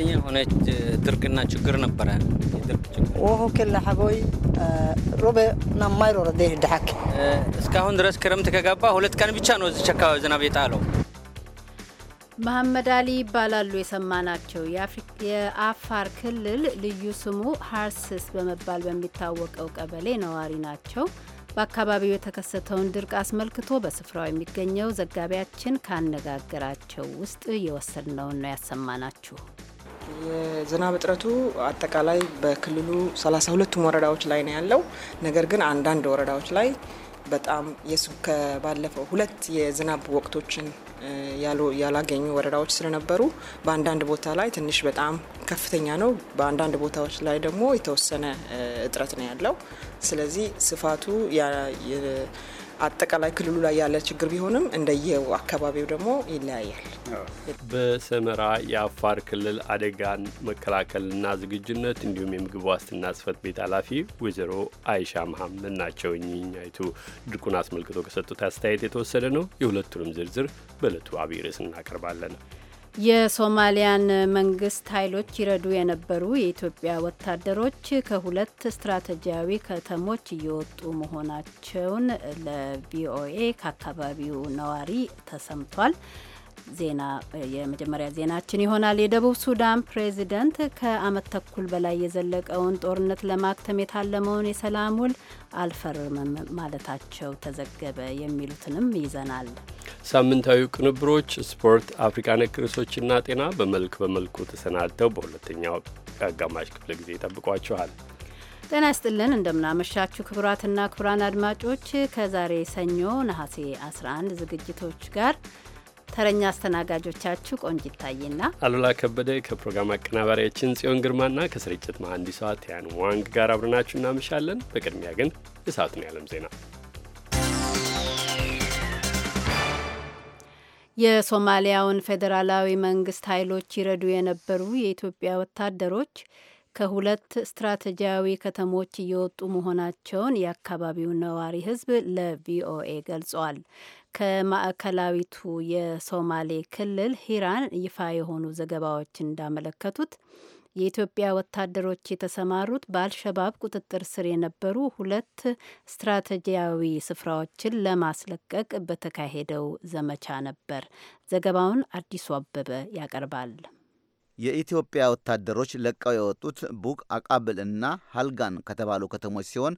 ከፍተኛ የሆነ ድርቅና ችግር ነበረ። ክላ ናብ ድሓክ እስካሁን ድረስ ክረምት ከገባ ሁለት ቀን ብቻ ነው እዚች አካባቢ ዝናብ የጣለው። መሐመድ አሊ ይባላሉ የሰማናቸው። የአፋር ክልል ልዩ ስሙ ሀርስስ በመባል በሚታወቀው ቀበሌ ነዋሪ ናቸው። በአካባቢው የተከሰተውን ድርቅ አስመልክቶ በስፍራው የሚገኘው ዘጋቢያችን ካነጋገራቸው ውስጥ የወሰድነውን ነው ያሰማናችሁ። የዝናብ እጥረቱ አጠቃላይ በክልሉ 32ቱም ወረዳዎች ላይ ነው ያለው። ነገር ግን አንዳንድ ወረዳዎች ላይ በጣም ከባለፈው ሁለት የዝናብ ወቅቶችን ያላገኙ ወረዳዎች ስለነበሩ በአንዳንድ ቦታ ላይ ትንሽ በጣም ከፍተኛ ነው፣ በአንዳንድ ቦታዎች ላይ ደግሞ የተወሰነ እጥረት ነው ያለው። ስለዚህ ስፋቱ አጠቃላይ ክልሉ ላይ ያለ ችግር ቢሆንም እንደየ አካባቢው ደግሞ ይለያያል። በሰመራ የአፋር ክልል አደጋን መከላከልና ዝግጁነት እንዲሁም የምግብ ዋስትና ጽህፈት ቤት ኃላፊ ወይዘሮ አይሻ መሐመድ ናቸው። እኚኛይቱ ድርቁን አስመልክቶ ከሰጡት አስተያየት የተወሰደ ነው። የሁለቱንም ዝርዝር በለቱ አብይ ርዕስ እናቀርባለን። የሶማሊያን መንግስት ኃይሎች ይረዱ የነበሩ የኢትዮጵያ ወታደሮች ከሁለት ስትራቴጂያዊ ከተሞች እየወጡ መሆናቸውን ለቪኦኤ ከአካባቢው ነዋሪ ተሰምቷል። ዜና የመጀመሪያ ዜናችን ይሆናል። የደቡብ ሱዳን ፕሬዚደንት ከአመት ተኩል በላይ የዘለቀውን ጦርነት ለማክተም የታለመውን የሰላም ውል አልፈርምም ማለታቸው ተዘገበ። የሚሉትንም ይዘናል። ሳምንታዊ ቅንብሮች፣ ስፖርት፣ አፍሪካ ነክ ርዕሶችና ጤና በመልክ በመልኩ ተሰናድተው በሁለተኛው አጋማሽ ክፍለ ጊዜ ይጠብቋችኋል። ጤና ይስጥልን እንደምናመሻችሁ ክቡራትና ክቡራን አድማጮች ከዛሬ ሰኞ ነሐሴ 11 ዝግጅቶች ጋር ተረኛ አስተናጋጆቻችሁ ቆንጅ ይታይና አሉላ ከበደ ከፕሮግራም አቀናባሪያችን ጽዮን ግርማና ከስርጭት መሐንዲሷ ቲያን ዋንግ ጋር አብረናችሁ እናመሻለን። በቅድሚያ ግን የሰዓቱን የዓለም ዜና የሶማሊያውን ፌዴራላዊ መንግስት ኃይሎች ይረዱ የነበሩ የኢትዮጵያ ወታደሮች ከሁለት ስትራቴጂያዊ ከተሞች እየወጡ መሆናቸውን የአካባቢው ነዋሪ ህዝብ ለቪኦኤ ገልጿል። ከማዕከላዊቱ የሶማሌ ክልል ሂራን ይፋ የሆኑ ዘገባዎች እንዳመለከቱት የኢትዮጵያ ወታደሮች የተሰማሩት በአልሸባብ ቁጥጥር ስር የነበሩ ሁለት ስትራቴጂያዊ ስፍራዎችን ለማስለቀቅ በተካሄደው ዘመቻ ነበር። ዘገባውን አዲሱ አበበ ያቀርባል። የኢትዮጵያ ወታደሮች ለቀው የወጡት ቡቅ አቃብል እና ሃልጋን ከተባሉ ከተሞች ሲሆን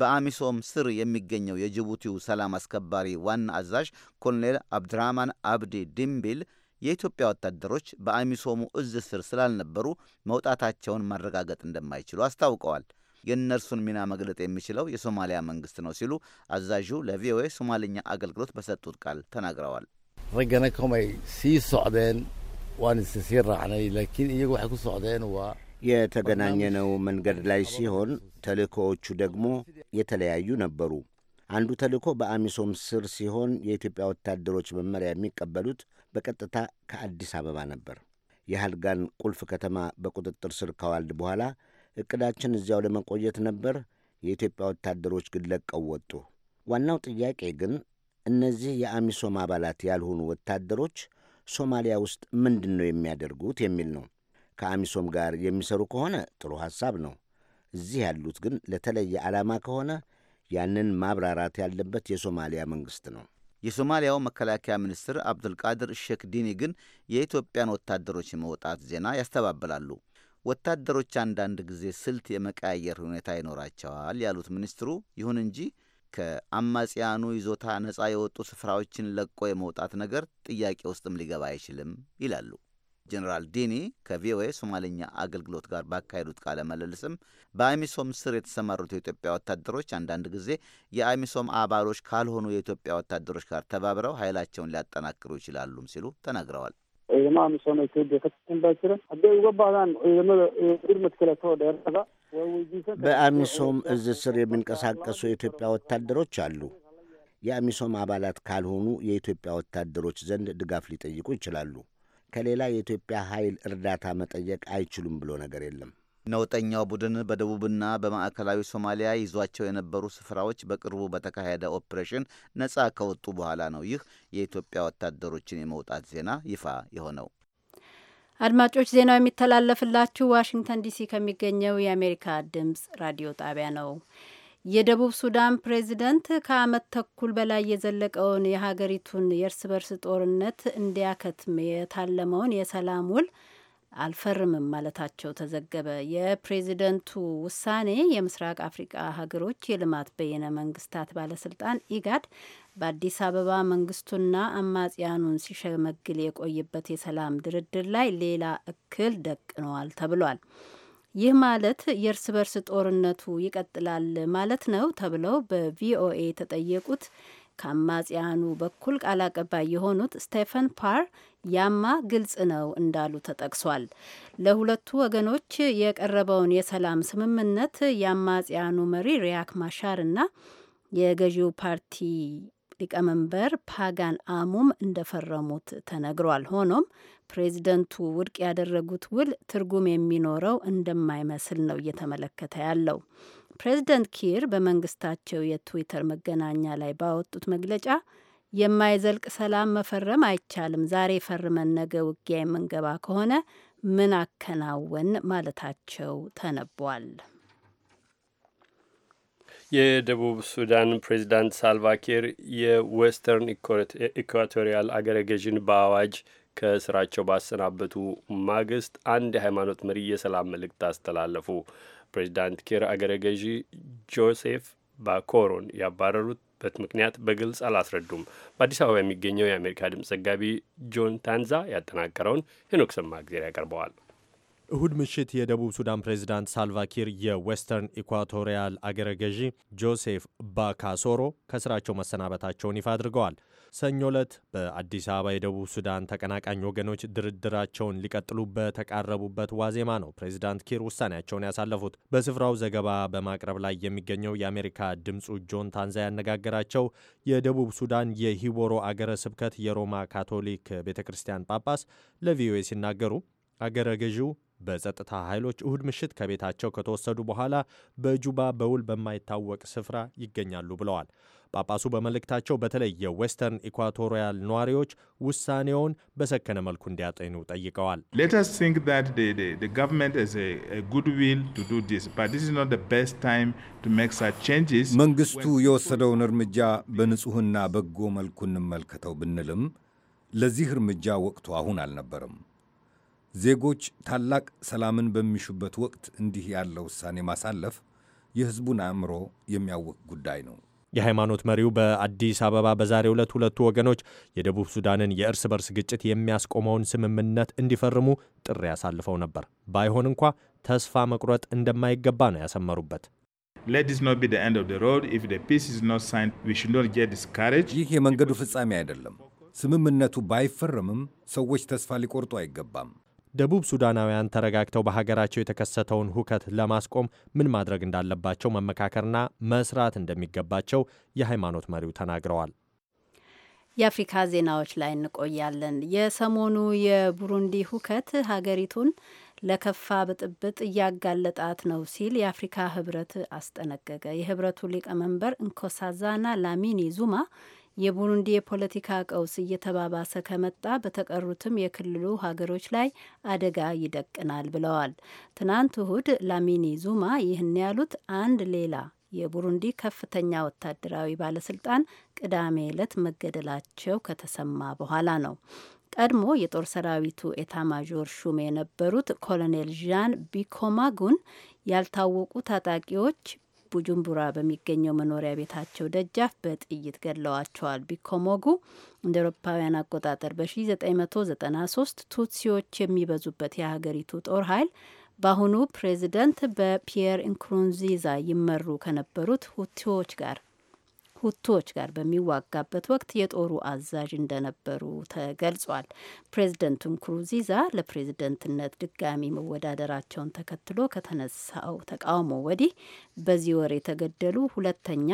በአሚሶም ስር የሚገኘው የጅቡቲው ሰላም አስከባሪ ዋና አዛዥ ኮሎኔል አብድራማን አብዲ ዲምቢል። የኢትዮጵያ ወታደሮች በአሚሶሙ እዝ ስር ስላልነበሩ መውጣታቸውን ማረጋገጥ እንደማይችሉ አስታውቀዋል። የእነርሱን ሚና መግለጥ የሚችለው የሶማሊያ መንግስት ነው ሲሉ አዛዡ ለቪኦኤ ሶማልኛ አገልግሎት በሰጡት ቃል ተናግረዋል። ሶዕደን ኩ ሶዕደን ዋ የተገናኘነው መንገድ ላይ ሲሆን ተልእኮዎቹ ደግሞ የተለያዩ ነበሩ። አንዱ ተልእኮ በአሚሶም ስር ሲሆን የኢትዮጵያ ወታደሮች መመሪያ የሚቀበሉት በቀጥታ ከአዲስ አበባ ነበር። የሃልጋን ቁልፍ ከተማ በቁጥጥር ስር ከዋልድ በኋላ እቅዳችን እዚያው ለመቆየት ነበር። የኢትዮጵያ ወታደሮች ግን ለቀው ወጡ። ዋናው ጥያቄ ግን እነዚህ የአሚሶም አባላት ያልሆኑ ወታደሮች ሶማሊያ ውስጥ ምንድን ነው የሚያደርጉት የሚል ነው። ከአሚሶም ጋር የሚሰሩ ከሆነ ጥሩ ሐሳብ ነው። እዚህ ያሉት ግን ለተለየ ዓላማ ከሆነ ያንን ማብራራት ያለበት የሶማሊያ መንግሥት ነው። የሶማሊያው መከላከያ ሚኒስትር አብዱልቃድር ሼክ ዲኒ ግን የኢትዮጵያን ወታደሮች የመውጣት ዜና ያስተባብላሉ። ወታደሮች አንዳንድ ጊዜ ስልት የመቀያየር ሁኔታ ይኖራቸዋል ያሉት ሚኒስትሩ፣ ይሁን እንጂ ከአማጽያኑ ይዞታ ነፃ የወጡ ስፍራዎችን ለቆ የመውጣት ነገር ጥያቄ ውስጥም ሊገባ አይችልም ይላሉ። ጄኔራል ዲኒ ከቪኦኤ ሶማሌኛ አገልግሎት ጋር ባካሄዱት ቃለ መለልስም በአሚሶም ስር የተሰማሩት የኢትዮጵያ ወታደሮች አንዳንድ ጊዜ የአሚሶም አባሎች ካልሆኑ የኢትዮጵያ ወታደሮች ጋር ተባብረው ኃይላቸውን ሊያጠናክሩ ይችላሉም ሲሉ ተናግረዋል። በአሚሶም እዝ ስር የሚንቀሳቀሱ የኢትዮጵያ ወታደሮች አሉ። የአሚሶም አባላት ካልሆኑ የኢትዮጵያ ወታደሮች ዘንድ ድጋፍ ሊጠይቁ ይችላሉ። ከሌላ የኢትዮጵያ ኃይል እርዳታ መጠየቅ አይችሉም ብሎ ነገር የለም። ነውጠኛው ቡድን በደቡብና በማዕከላዊ ሶማሊያ ይዟቸው የነበሩ ስፍራዎች በቅርቡ በተካሄደ ኦፕሬሽን ነጻ ከወጡ በኋላ ነው ይህ የኢትዮጵያ ወታደሮችን የመውጣት ዜና ይፋ የሆነው። አድማጮች፣ ዜናው የሚተላለፍላችሁ ዋሽንግተን ዲሲ ከሚገኘው የአሜሪካ ድምፅ ራዲዮ ጣቢያ ነው። የደቡብ ሱዳን ፕሬዚደንት ከዓመት ተኩል በላይ የዘለቀውን የሀገሪቱን የእርስ በርስ ጦርነት እንዲያከትም የታለመውን የሰላም ውል አልፈርምም ማለታቸው ተዘገበ። የፕሬዚደንቱ ውሳኔ የምስራቅ አፍሪቃ ሀገሮች የልማት በይነ መንግስታት ባለስልጣን ኢጋድ በአዲስ አበባ መንግስቱና አማጽያኑን ሲሸመግል የቆየበት የሰላም ድርድር ላይ ሌላ እክል ደቅነዋል ተብሏል። ይህ ማለት የእርስ በርስ ጦርነቱ ይቀጥላል ማለት ነው ተብለው በቪኦኤ የተጠየቁት ከአማጽያኑ በኩል ቃል አቀባይ የሆኑት ስቴፈን ፓር ያማ ግልጽ ነው እንዳሉ ተጠቅሷል። ለሁለቱ ወገኖች የቀረበውን የሰላም ስምምነት የአማጽያኑ መሪ ሪያክ ማሻር እና የገዢው ፓርቲ ሊቀመንበር ፓጋን አሙም እንደፈረሙት ተነግሯል። ሆኖም ፕሬዚደንቱ ውድቅ ያደረጉት ውል ትርጉም የሚኖረው እንደማይመስል ነው እየተመለከተ ያለው። ፕሬዚደንት ኪር በመንግስታቸው የትዊተር መገናኛ ላይ ባወጡት መግለጫ የማይዘልቅ ሰላም መፈረም አይቻልም፣ ዛሬ ፈርመን ነገ ውጊያ የምንገባ ከሆነ ምን አከናወን ማለታቸው ተነቧል። የደቡብ ሱዳን ፕሬዚዳንት ሳልቫኪር የዌስተርን ኢኳቶሪያል አገረ ገዥን በአዋጅ ከስራቸው ባሰናበቱ ማግስት አንድ የሃይማኖት መሪ የሰላም መልእክት አስተላለፉ። ፕሬዚዳንት ኪር አገረ ገዢ ጆሴፍ ባኮሮን ያባረሩበት ምክንያት በግልጽ አላስረዱም። በአዲስ አበባ የሚገኘው የአሜሪካ ድምፅ ዘጋቢ ጆን ታንዛ ያጠናቀረውን ሄኖክ ያቀርበዋል። እሁድ ምሽት የደቡብ ሱዳን ፕሬዚዳንት ሳልቫኪር የዌስተርን ኢኳቶሪያል አገረ ገዢ ጆሴፍ ባካሶሮ ከስራቸው መሰናበታቸውን ይፋ አድርገዋል። ሰኞ ዕለት በአዲስ አበባ የደቡብ ሱዳን ተቀናቃኝ ወገኖች ድርድራቸውን ሊቀጥሉ በተቃረቡበት ዋዜማ ነው ፕሬዚዳንት ኪር ውሳኔያቸውን ያሳለፉት። በስፍራው ዘገባ በማቅረብ ላይ የሚገኘው የአሜሪካ ድምፁ ጆን ታንዛ ያነጋገራቸው የደቡብ ሱዳን የሂቦሮ አገረ ስብከት የሮማ ካቶሊክ ቤተ ክርስቲያን ጳጳስ ለቪኦኤ ሲናገሩ አገረ ገዢው በጸጥታ ኃይሎች እሁድ ምሽት ከቤታቸው ከተወሰዱ በኋላ በጁባ በውል በማይታወቅ ስፍራ ይገኛሉ ብለዋል። ጳጳሱ በመልእክታቸው በተለይ የዌስተርን ኢኳቶሪያል ነዋሪዎች ውሳኔውን በሰከነ መልኩ እንዲያጤኑ ጠይቀዋል። መንግስቱ የወሰደውን እርምጃ በንጹሕና በጎ መልኩ እንመልከተው ብንልም ለዚህ እርምጃ ወቅቱ አሁን አልነበርም። ዜጎች ታላቅ ሰላምን በሚሹበት ወቅት እንዲህ ያለ ውሳኔ ማሳለፍ የሕዝቡን አእምሮ የሚያውቅ ጉዳይ ነው። የሃይማኖት መሪው በአዲስ አበባ በዛሬ ዕለት ሁለቱ ወገኖች የደቡብ ሱዳንን የእርስ በርስ ግጭት የሚያስቆመውን ስምምነት እንዲፈርሙ ጥሪ አሳልፈው ነበር። ባይሆን እንኳ ተስፋ መቁረጥ እንደማይገባ ነው ያሰመሩበት። ይህ የመንገዱ ፍጻሜ አይደለም። ስምምነቱ ባይፈረምም ሰዎች ተስፋ ሊቆርጡ አይገባም። ደቡብ ሱዳናውያን ተረጋግተው በሀገራቸው የተከሰተውን ሁከት ለማስቆም ምን ማድረግ እንዳለባቸው መመካከርና መስራት እንደሚገባቸው የሃይማኖት መሪው ተናግረዋል። የአፍሪካ ዜናዎች ላይ እንቆያለን። የሰሞኑ የቡሩንዲ ሁከት ሀገሪቱን ለከፋ ብጥብጥ እያጋለጣት ነው ሲል የአፍሪካ ህብረት አስጠነቀቀ። የህብረቱ ሊቀመንበር እንኮሳዛና ላሚኒ ዙማ የቡሩንዲ የፖለቲካ ቀውስ እየተባባሰ ከመጣ በተቀሩትም የክልሉ ሀገሮች ላይ አደጋ ይደቅናል ብለዋል። ትናንት እሁድ ላሚኒ ዙማ ይህን ያሉት አንድ ሌላ የቡሩንዲ ከፍተኛ ወታደራዊ ባለስልጣን ቅዳሜ ዕለት መገደላቸው ከተሰማ በኋላ ነው። ቀድሞ የጦር ሰራዊቱ ኤታ ማዦር ሹም የነበሩት ኮሎኔል ዣን ቢኮማጉን ያልታወቁ ታጣቂዎች ቡጁምቡራ በሚገኘው መኖሪያ ቤታቸው ደጃፍ በጥይት ገድለዋቸዋል። ቢኮሞጉ እንደ ኤሮፓውያን አቆጣጠር በ1993 ቱትሲዎች የሚበዙበት የሀገሪቱ ጦር ኃይል በአሁኑ ፕሬዚደንት በፒየር ኢንክሩንዚዛ ይመሩ ከነበሩት ሁቲዎች ጋር ሁቶች ጋር በሚዋጋበት ወቅት የጦሩ አዛዥ እንደነበሩ ተገልጿል። ፕሬዚደንት ንኩሩንዚዛ ለፕሬዝደንትነት ድጋሚ መወዳደራቸውን ተከትሎ ከተነሳው ተቃውሞ ወዲህ በዚህ ወር የተገደሉ ሁለተኛ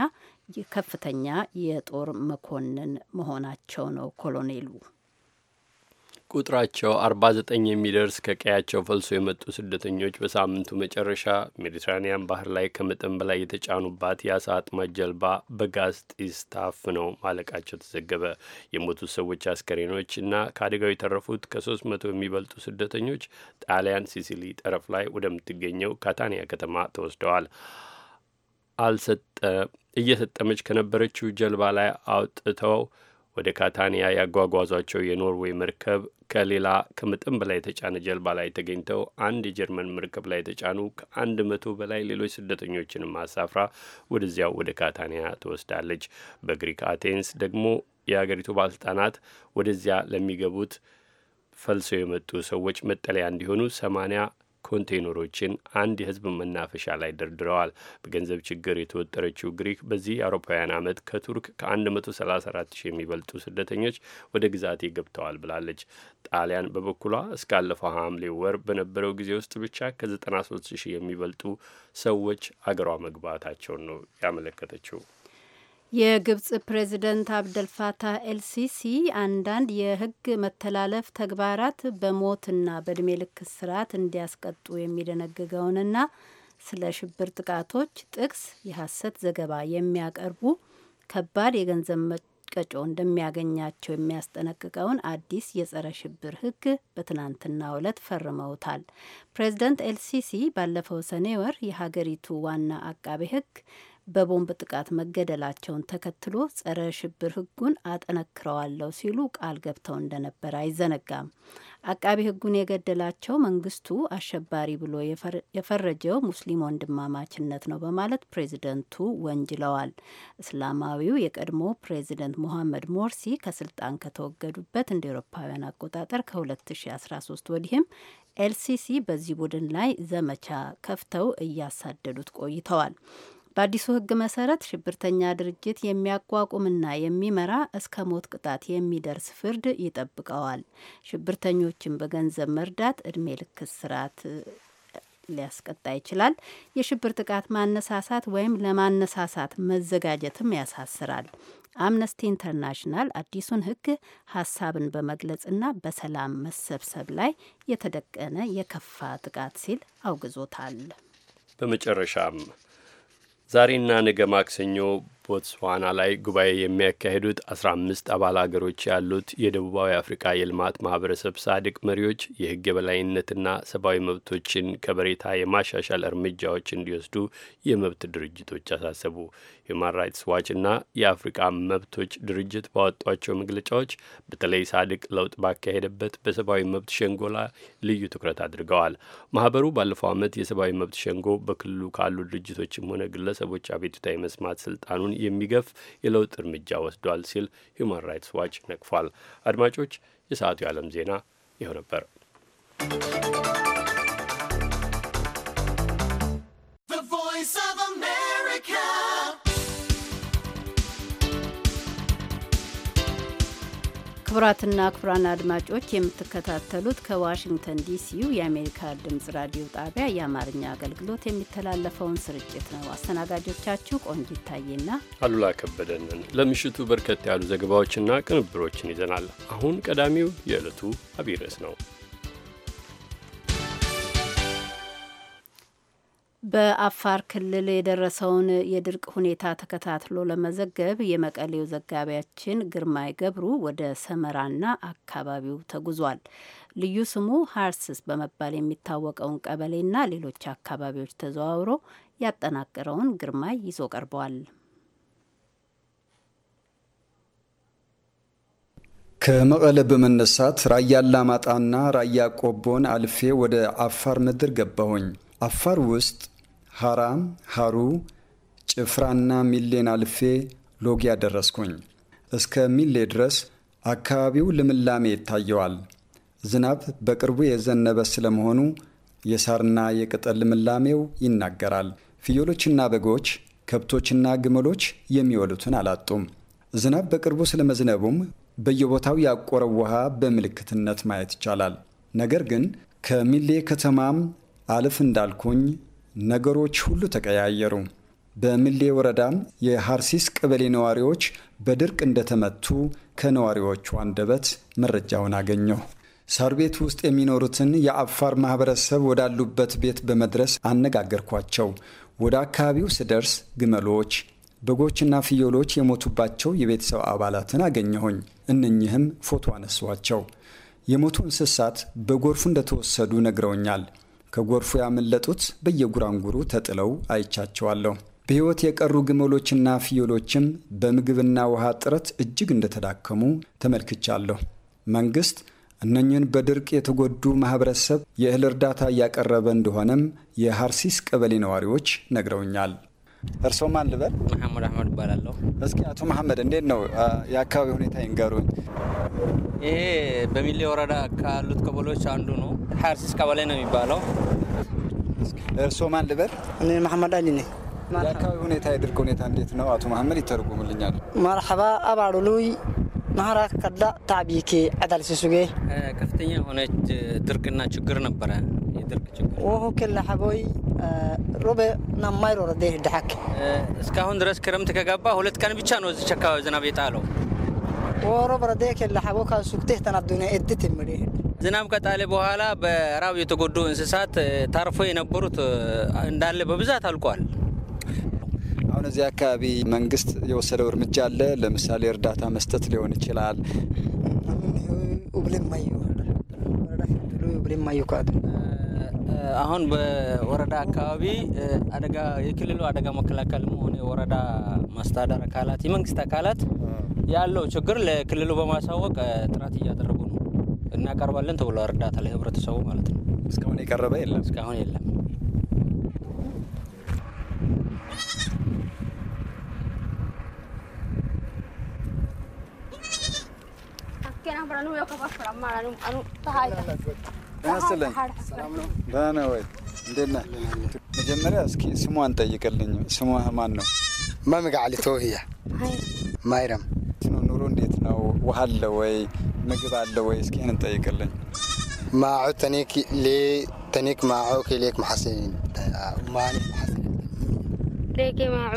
ከፍተኛ የጦር መኮንን መሆናቸው ነው ኮሎኔሉ። ቁጥራቸው 49 የሚደርስ ከቀያቸው ፈልሶ የመጡ ስደተኞች በሳምንቱ መጨረሻ ሜዲትራኒያን ባህር ላይ ከመጠን በላይ የተጫኑባት የአሳ አጥማጅ ጀልባ በጋዝ ጢስ ታፍነው ማለቃቸው ተዘገበ። የሞቱ ሰዎች አስከሬኖች እና ከአደጋው የተረፉት ከ መቶ የሚበልጡ ስደተኞች ጣሊያን ሲሲሊ ጠረፍ ላይ ወደምትገኘው ካታኒያ ከተማ ተወስደዋል። አልሰጠ እየሰጠመች ከነበረችው ጀልባ ላይ አውጥተው ወደ ካታንያ ያጓጓዟቸው የኖርዌይ መርከብ ከሌላ ከመጠን በላይ የተጫነ ጀልባ ላይ ተገኝተው አንድ የጀርመን መርከብ ላይ የተጫኑ ከአንድ መቶ በላይ ሌሎች ስደተኞችንም አሳፍራ ወደዚያው ወደ ካታንያ ትወስዳለች። በግሪክ አቴንስ ደግሞ የአገሪቱ ባለስልጣናት ወደዚያ ለሚገቡት ፈልሰው የመጡ ሰዎች መጠለያ እንዲሆኑ ሰማኒያ ኮንቴይነሮችን አንድ የህዝብ መናፈሻ ላይ ደርድረዋል። በገንዘብ ችግር የተወጠረችው ግሪክ በዚህ የአውሮፓውያን ዓመት ከቱርክ ከ134 ሺህ የሚበልጡ ስደተኞች ወደ ግዛቴ ገብተዋል ብላለች። ጣሊያን በበኩሏ እስካለፈው ሐምሌ ወር በነበረው ጊዜ ውስጥ ብቻ ከ93 ሺህ የሚበልጡ ሰዎች አገሯ መግባታቸውን ነው ያመለከተችው። የግብጽ ፕሬዚደንት አብደልፋታህ ኤልሲሲ አንዳንድ የህግ መተላለፍ ተግባራት በሞትና በእድሜ ልክ ስርዓት እንዲያስቀጡ የሚደነግገውንና ስለ ሽብር ጥቃቶች ጥቅስ የሐሰት ዘገባ የሚያቀርቡ ከባድ የገንዘብ መቀጮ እንደሚያገኛቸው የሚያስጠነቅቀውን አዲስ የጸረ ሽብር ህግ በትናንትናው ዕለት ፈርመውታል። ፕሬዚደንት ኤልሲሲ ባለፈው ሰኔ ወር የሀገሪቱ ዋና አቃቤ ህግ በቦምብ ጥቃት መገደላቸውን ተከትሎ ጸረ ሽብር ህጉን አጠነክረዋለሁ ሲሉ ቃል ገብተው እንደነበር አይዘነጋም። አቃቢ ህጉን የገደላቸው መንግስቱ አሸባሪ ብሎ የፈረጀው ሙስሊም ወንድማማችነት ነው በማለት ፕሬዚደንቱ ወንጅለዋል። እስላማዊው የቀድሞ ፕሬዚደንት ሞሐመድ ሞርሲ ከስልጣን ከተወገዱበት እንደ ኤሮፓውያን አቆጣጠር ከ2013 ወዲህም ኤልሲሲ በዚህ ቡድን ላይ ዘመቻ ከፍተው እያሳደዱት ቆይተዋል። በአዲሱ ህግ መሰረት ሽብርተኛ ድርጅት የሚያቋቁምና የሚመራ እስከ ሞት ቅጣት የሚደርስ ፍርድ ይጠብቀዋል። ሽብርተኞችን በገንዘብ መርዳት እድሜ ልክ እስራት ሊያስቀጣ ይችላል። የሽብር ጥቃት ማነሳሳት ወይም ለማነሳሳት መዘጋጀትም ያሳስራል። አምነስቲ ኢንተርናሽናል አዲሱን ህግ ሀሳብን በመግለጽና በሰላም መሰብሰብ ላይ የተደቀነ የከፋ ጥቃት ሲል አውግዞታል። በመጨረሻም ዛሬና ነገ ማክሰኞ ቦትስዋና ላይ ጉባኤ የሚያካሂዱት አስራ አምስት አባል አገሮች ያሉት የደቡባዊ አፍሪካ የልማት ማህበረሰብ ሳድቅ መሪዎች የህግ የበላይነትና ሰብአዊ መብቶችን ከበሬታ የማሻሻል እርምጃዎች እንዲወስዱ የመብት ድርጅቶች አሳሰቡ። ሁማን ራይትስ ዋችና የአፍሪቃ መብቶች ድርጅት ባወጧቸው መግለጫዎች በተለይ ሳድቅ ለውጥ ባካሄደበት በሰብአዊ መብት ሸንጎ ላይ ልዩ ትኩረት አድርገዋል። ማህበሩ ባለፈው ዓመት የሰብአዊ መብት ሸንጎ በክልሉ ካሉ ድርጅቶችም ሆነ ግለሰቦች አቤቱታ የመስማት ስልጣኑን የሚገፍ የለውጥ እርምጃ ወስዷል ሲል ሁማን ራይትስ ዋች ነቅፏል። አድማጮች፣ የሰዓቱ የዓለም ዜና ይኸው ነበር። ክቡራትና ክቡራን አድማጮች የምትከታተሉት ከዋሽንግተን ዲሲው የአሜሪካ ድምጽ ራዲዮ ጣቢያ የአማርኛ አገልግሎት የሚተላለፈውን ስርጭት ነው። አስተናጋጆቻችሁ ቆንጅ ይታየና አሉላ ከበደንን ለምሽቱ በርከት ያሉ ዘገባዎችና ቅንብሮችን ይዘናል። አሁን ቀዳሚው የዕለቱ አቢይ ርዕስ ነው። በአፋር ክልል የደረሰውን የድርቅ ሁኔታ ተከታትሎ ለመዘገብ የመቀሌው ዘጋቢያችን ግርማይ ገብሩ ወደ ሰመራና አካባቢው ተጉዟል። ልዩ ስሙ ሀርስስ በመባል የሚታወቀውን ቀበሌና ሌሎች አካባቢዎች ተዘዋውሮ ያጠናቀረውን ግርማይ ይዞ ቀርበዋል። ከመቀለ በመነሳት ራያ አላማጣና ራያ ቆቦን አልፌ ወደ አፋር ምድር ገባሁኝ። አፋር ውስጥ ሀራ፣ ሀሩ፣ ጭፍራና ሚሌን አልፌ ሎጊያ ደረስኩኝ። እስከ ሚሌ ድረስ አካባቢው ልምላሜ ይታየዋል። ዝናብ በቅርቡ የዘነበ ስለመሆኑ የሳርና የቅጠል ልምላሜው ይናገራል። ፍየሎችና በጎች፣ ከብቶችና ግመሎች የሚወሉትን አላጡም። ዝናብ በቅርቡ ስለመዝነቡም በየቦታው ያቆረው ውሃ በምልክትነት ማየት ይቻላል። ነገር ግን ከሚሌ ከተማም አልፍ እንዳልኩኝ ነገሮች ሁሉ ተቀያየሩ። በሚሌ ወረዳም የሀርሲስ ቀበሌ ነዋሪዎች በድርቅ እንደተመቱ ከነዋሪዎቹ አንደበት መረጃውን አገኘሁ። ሳር ቤት ውስጥ የሚኖሩትን የአፋር ማህበረሰብ ወዳሉበት ቤት በመድረስ አነጋገርኳቸው። ወደ አካባቢው ስደርስ ግመሎች፣ በጎችና ፍየሎች የሞቱባቸው የቤተሰብ አባላትን አገኘሁኝ። እነኝህም ፎቶ አነሷቸው። የሞቱ እንስሳት በጎርፉ እንደተወሰዱ ነግረውኛል። ከጎርፉ ያመለጡት በየጉራንጉሩ ተጥለው አይቻቸዋለሁ። በሕይወት የቀሩ ግመሎችና ፍየሎችም በምግብና ውሃ እጥረት እጅግ እንደተዳከሙ ተመልክቻለሁ። መንግሥት እነኝህን በድርቅ የተጎዱ ማኅበረሰብ የእህል እርዳታ እያቀረበ እንደሆነም የሐርሲስ ቀበሌ ነዋሪዎች ነግረውኛል። እርስዎ ማን ልበል? መሐመድ አህመድ እባላለሁ። እስኪ አቶ መሐመድ እንዴት ነው የአካባቢ ሁኔታ ይንገሩን። ይሄ በሚሌ ወረዳ ካሉት ቀበሌዎች አንዱ ነው። ሀርሲስ ቀበሌ ነው የሚባለው። እርስዎ ማን ልበል? እኔ መሐመድ አሊ ነኝ። የአካባቢ ሁኔታ የድርቅ ሁኔታ እንዴት ነው አቶ መሐመድ ይተርጉምልኛል? መርሐባ አባሉሉይ ማህራት ከላ ታዕቢኪ ዐዳል ሲሱጌ ከፍተኛ የሆነ ድርቅና ችግር ነበረ። የድርቅ ችግር ወሁ ክላ ሐቦይ ሩብ ናማይ ሮረዴ ድሐክ እስካሁን ድረስ ክረምት ከገባ ሁለት ቀን ብቻ ነው እዚች አካባቢ ዝናብ የጣለው። ወሮብ ረዴ ክላ ሐቦ ካብ ሱግቴህ ተናዱነ እድት ምሪ ዝናብ ከጣለ በኋላ በራብ የተጎዱ እንስሳት ታርፎ የነበሩት እንዳለ በብዛት አልቋል። አሁን እዚህ አካባቢ መንግስት የወሰደው እርምጃ አለ? ለምሳሌ እርዳታ መስጠት ሊሆን ይችላል። አሁን በወረዳ አካባቢ አደጋ የክልሉ አደጋ መከላከል ሆነ የወረዳ ማስተዳደር አካላት የመንግስት አካላት ያለው ችግር ለክልሉ በማሳወቅ ጥረት እያደረጉ ነው። እናቀርባለን ተብሎ እርዳታ ለህብረተሰቡ ማለት ነው። እስካሁን የቀረበ የለም። እስካሁን anu yo kaba fara mar anu anu tahayta ያስልኝ ደህና ወይ? እንዴት ነህ? መጀመሪያ እስኪ ስሟን ጠይቅልኝ። ስሟህ ማን ነው? መምጋ አሊ ተውህያ ማይረም። ኑሮ እንዴት ነው? ውሃ አለ ወይ? ምግብ አለ ወይ? እስኪ ይህን ጠይቅልኝ። ማዑ ተኒክ ሌ ተኒክ ማዑ ኬሌክ መሐሰኒ ማኒ መሐሰኒ ሌኬ ማዑ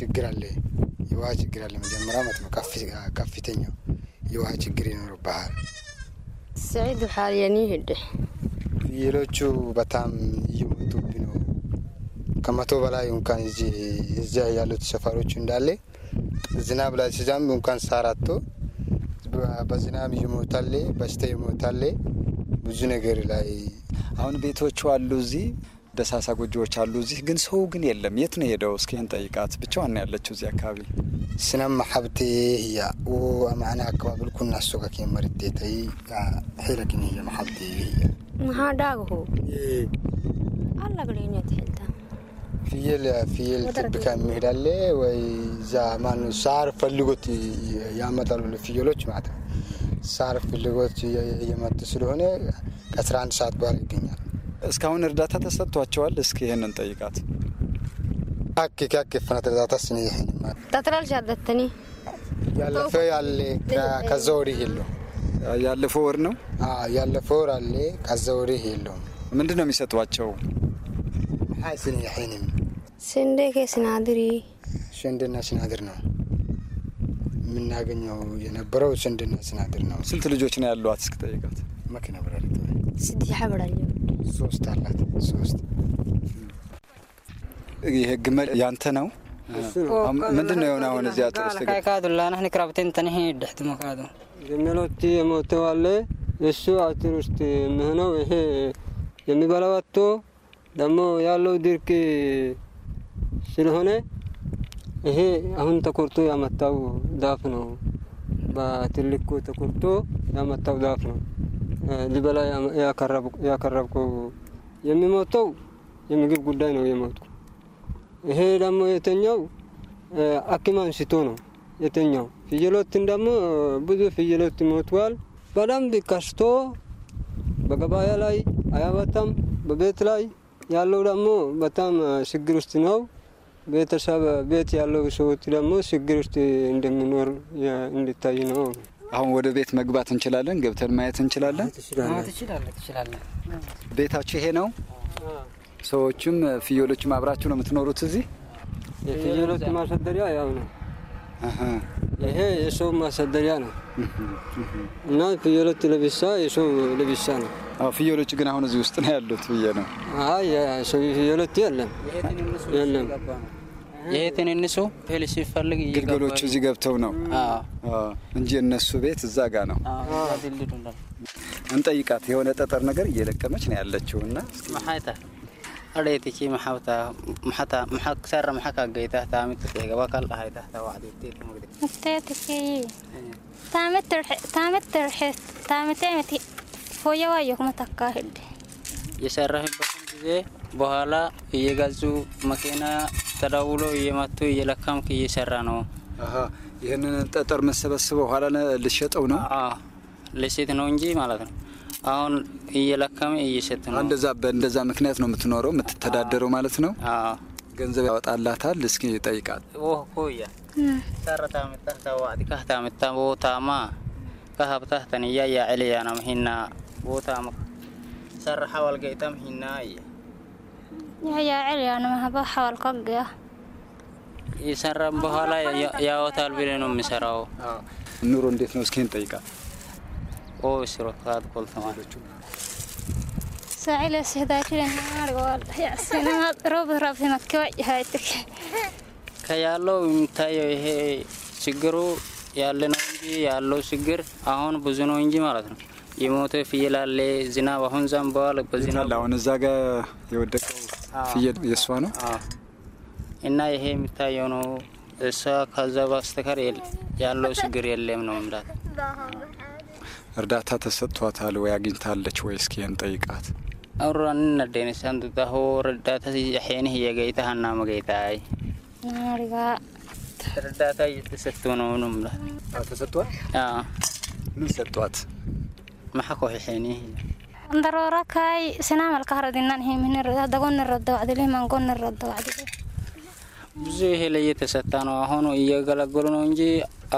ችግር አለ የውሃ ችግር ያለ መጀመሪያ ማለት ነው ከፍተኛው የውሃ ችግር ሰዒድ ስዒድ የኒ ሄደ ሌሎቹ በጣም እየሞቱብኝ ነው። ከመቶ በላይ እንኳን እዚያ ያሉት ሰፈሮች እንዳለ ዝናብ ላይ ሲዛም እንኳን ሳራቶ በዝናብ ይሞታል፣ በሽታ ይሞታል። ብዙ ነገር ላይ አሁን ቤቶቹ አሉ እዚህ ደሳሳ ጎጆዎች አሉ። እዚህ ግን ሰው ግን የለም። የት ነው ሄደው? እስኪ ጠይቃት። ብቻዋን ነው ያለችው እዚህ አካባቢ ስነም ሀብት ህያ አማና አካባቢ ኩና ሱቀኪ መርቴተይ ሒለኪን ህየ ማሓብቴ ህያ መሃዳግሁ አላግለኛት ሒልታ ፍየል ፍየል ጥብቃ የሚሄድ ወይ እዛ ማን ሳር ፈልጎት ያመጣሉ ፍየሎች ማለት ነው። ሳር ፈልጎት እየመጡ ስለሆነ ከአስራ አንድ ሰዓት በኋላ ይገኛል። እስካሁን እርዳታ ተሰጥቷቸዋል? እስኪ ይህንን ጠይቃት። እርዳታ ያለፈ ያለ ከዛ ወዲህ የለውም። ያለፈ ወር ነው ያለፈ ወር አለ። ከዛ ወዲህ የለውም። ምንድን ነው የሚሰጧቸው? ስንዴ ከስናድሪ ስንዴና ስናድር ነው የምናገኘው የነበረው ስንድና ስናድር ነው። ስንት ልጆች ነው ያሏት? እስክ ጠይቃት። መኪና ብራ ስድስት ብራል ሶስት አላት። ሶስት ይሄ ግመል ያንተ ነው? ምንድን ነው የሆነ አሁን እዚያ ግመሎች የሞተዋለ እሱ አጥር ውስጥ የሚሆነው ይሄ የሚበላው አጥቶ ደግሞ ያለው ድርቅ ስለሆነ ይሄ አሁን ተኮርቶ ያመታው ዛፍ ነው። በትልቁ ተኮርቶ ያመታው ዛፍ ነው። ልበላ ያቀረብኩ የሚሞተው የምግብ ጉዳይ ነው የሞትኩ። ይሄ ደግሞ የተኛው አኪም አንስቶ ነው የተኛው። ፍየሎትን ደግሞ ብዙ ፍየሎት ሞቷል። በደንብ ከስቶ በገበያ ላይ አያበታም። በቤት ላይ ያለው ደግሞ በጣም ችግር ውስጥ ነው። ቤተሰብ ቤት ያለው ሰዎች ደግሞ ችግር ውስጥ እንደሚኖር እንዲታይ ነው። አሁን ወደ ቤት መግባት እንችላለን። ገብተን ማየት እንችላለን። ቤታችሁ ይሄ ነው። ሰዎችም ፍየሎችም አብራችሁ ነው የምትኖሩት እዚህ? የፍየሎች ማሰደሪያ ያው ነው። ይሄ የሰው ማሰደሪያ ነው እና ፍየሎች ለቢሳ የሰው ለቢሳ ነው። ፍየሎች ግን አሁን እዚህ ውስጥ ነው ያሉት ብዬ ነው። ፍየሎች የለም የለም ይሄ ትንንሱ እህል ሲፈልግ ግልገሎቹ እዚህ ገብተው ነው እንጂ እነሱ ቤት እዛ ጋ ነው። እንጠይቃት የሆነ ጠጠር ነገር እየለቀመች ነው ያለችው እና አደይቲቺ ማሓብታ ማሓታ ማሓ ክሰራ ማሓ ካገይታ ታምት ገባ ካል ሃይታ ታዋዕዴቴ ትምግደ እስተቲቺ ታምት ታምት ታምት ምት ፎየዋ የኹመ ታካሂድ የሰራህበትን ጊዜ በኋላ እየጋዙ መኪና ተደውሎ እየመጡ እየለካምክ እየሰራ ነው። ይህንን ጠጠር መሰበስበው ኋላ ልሸጠው ነው ልሴት ነው እንጂ ማለት ነው። አሁን እየለካም እየሸጥ ነው። እንደዛ በእንደዛ ምክንያት ነው የምትኖረው የምትተዳደረው ማለት ነው። ገንዘብ ያወጣላታል። እስኪ ይጠይቃል ኮያ ሰረታምታሰዋዕትካህታምታ ቦታማ ካሀብታህተን እያያ ዕልያናም ሂና ቦታማ ሰራሓ ዋልገይታም ሂና እየ ያያዕል ሀዋልቆግ ይሰራም በኋላ ያወታል ብለ ነው የሚሰራው። ኑሮ እንዴት ነው? እስኪን ጠይቃ ከያለው የሚታየው ይሄ ችግሩ ያለ ነው እንጂ ያለው ችግር አሁን ብዙ ነው እንጂ ማለት ነው የሞተ ፍየል አለ። ዝናብ አሁን ዘንቧል። በዝናብ አሁን እዛ ጋር የወደቀው ፍየል የእሷ ነው እና ይሄ የሚታየው ነው። እሷ ከዛ በስተከር ያለው ችግር የለም ነው ምላት። እርዳታ ተሰጥቷታል ወይ አግኝታለች ወይ? እስኪ እንጠይቃት። አውራን ነደነስ አንትታሆ ረዳታ ሄንህ የገይታ ሀና መገይታይ እርዳታ እየተሰጡ ነው ነው ምላት። ተሰጥቷል። ምን ሰጥቷት maxaa ku xixeenihiin darora kaay sinaamalka haradinaan himinadagonirado acdilihimangonirado acdili buzu ehelayetasatano ahono iyagala golononji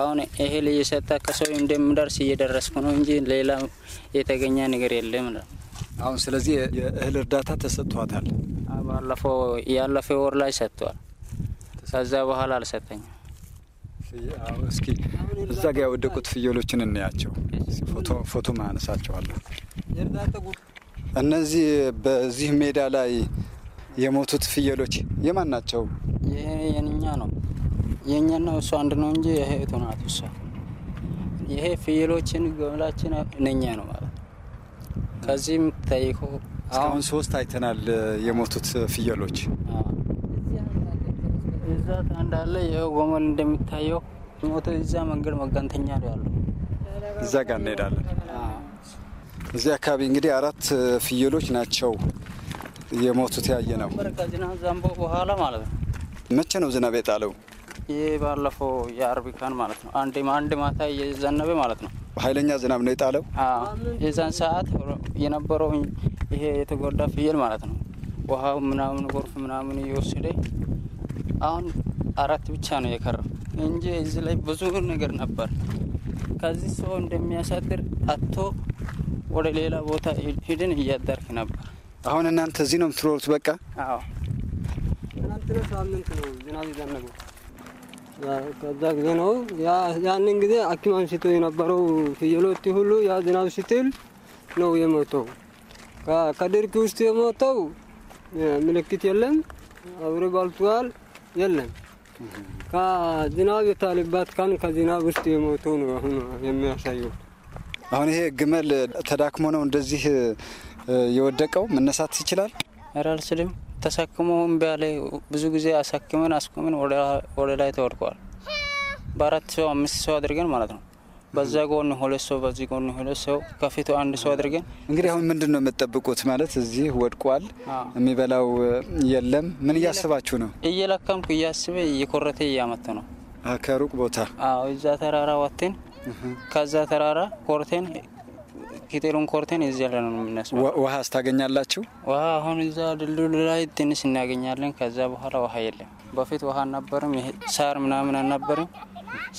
ahono eheleyesata kaso inde ምዳር ስየደረስኩ ነው እንጂ ሌላ የተገኘ ነገር የለም አሁን ስለዚህ የእህል እርዳታ ተሰጥቷታል ባለፈው ያለፈው ወር ላይ ሰጥቷል ከዛ በኋላ አልሰጠኝም እስኪ እዛ ጋ ያወደቁት ፍየሎችን እናያቸው። ፎቶ ማነሳቸዋለሁ። እነዚህ በዚህ ሜዳ ላይ የሞቱት ፍየሎች የማን ናቸው? ይሄ የኛ ነው የኛና እሱ አንድ ነው እንጂ ይሄ ናት እሷ። ይሄ ፍየሎችን ገምላችን እነኛ ነው ማለት ከዚህም ተይኮ አሁን ሶስት አይተናል የሞቱት ፍየሎች ብዛት እንዳለ ይኸው ጎመል እንደሚታየው ሞተ። እዛ መንገድ መጋንተኛ ነው ያለው። እዛ ጋር እንሄዳለን። እዚህ አካባቢ እንግዲህ አራት ፍየሎች ናቸው የሞቱት ያየ ነው። ዘንቦ በኋላ ማለት ነው። መቼ ነው ዝናብ የጣለው? ይህ ባለፈው የአርብ ቀን ማለት ነው። አንድ ማታ እየዘነበ ማለት ነው። ኃይለኛ ዝናብ ነው የጣለው። የዛን ሰዓት የነበረው ይሄ የተጎዳ ፍየል ማለት ነው ውሃው ምናምን ጎርፍ ምናምን እየወሰደ አሁን አራት ብቻ ነው የቀረው እንጂ እዚህ ላይ ብዙ ነገር ነበር። ከዚህ ሰው እንደሚያሳድር አቶ ወደ ሌላ ቦታ ሂድን እያደርክ ነበር። አሁን እናንተ እዚህ ነው የምትኖሩት? በቃ አዎ። ትናንትና ሳምንት ነው ዝናብ የዘነበው። ከዛ ጊዜ ነው ያንን ጊዜ ሐኪም አንስቶ የነበረው ፍየሎች ሁሉ ያ ዝናብ ሲጥል ነው የሞተው። ከድርቅ ውስጥ የሞተው ምልክት የለም አብሮ ባልቷል። የለም። ከዝናብ የታለባት ቀን ከዝናብ ውስጥ የሞቱ ነው አሁን የሚያሳየው። አሁን ይሄ ግመል ተዳክሞ ነው እንደዚህ የወደቀው። መነሳት ይችላል? ኧረ አልችልም። ተሳክሞ እምቢ አለ። ብዙ ጊዜ አሳክመን አስቆመን ወደ ላይ ተወድቀዋል። በአራት ሰው አምስት ሰው አድርገን ማለት ነው በዛ ጎን ሁለት ሰው በዚህ ጎን ሁለት ሰው ከፊቱ አንድ ሰው አድርገን እንግዲህ አሁን ምንድን ነው የምትጠብቁት? ማለት እዚህ ወድቋል፣ የሚበላው የለም። ምን እያስባችሁ ነው? እየለከምኩ እያስበ እየኮረተ እያመጡ ነው ከሩቅ ቦታ። አዎ እዛ ተራራ ወጥተን ከዛ ተራራ ኮርቴን ኪቴሉን ኮርቴን እዚያ ያለ ነው የምነስ። ውሃ ስታገኛላችሁ? ውሃ አሁን እዛ ድልድሉ ላይ ትንሽ እናገኛለን። ከዛ በኋላ ውሃ የለም። በፊት ውሃ አልነበርም፣ ሳር ምናምን አልነበርም።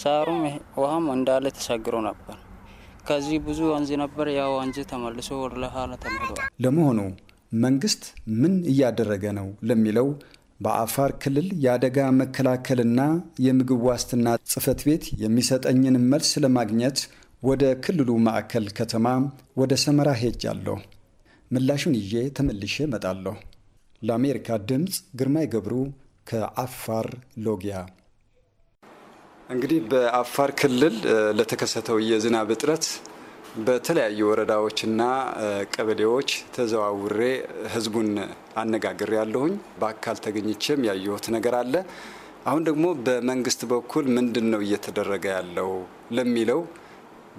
ሳሩም ውሃም እንዳለ ተሻግሮ ነበር። ከዚህ ብዙ ወንዝ ነበር። ያ ወንዝ ተመልሶ ወደ ኋላ ተመልሷል። ለመሆኑ መንግስት ምን እያደረገ ነው ለሚለው በአፋር ክልል የአደጋ መከላከልና የምግብ ዋስትና ጽህፈት ቤት የሚሰጠኝን መልስ ለማግኘት ወደ ክልሉ ማዕከል ከተማ ወደ ሰመራ ሄጃለሁ። ምላሹን ይዤ ተመልሼ እመጣለሁ። ለአሜሪካ ድምፅ ግርማይ ገብሩ ከአፋር ሎጊያ እንግዲህ በአፋር ክልል ለተከሰተው የዝናብ እጥረት በተለያዩ ወረዳዎችና ቀበሌዎች ተዘዋውሬ ህዝቡን አነጋግሬ ያለሁኝ በአካል ተገኝቼም ያየሁት ነገር አለ። አሁን ደግሞ በመንግስት በኩል ምንድን ነው እየተደረገ ያለው ለሚለው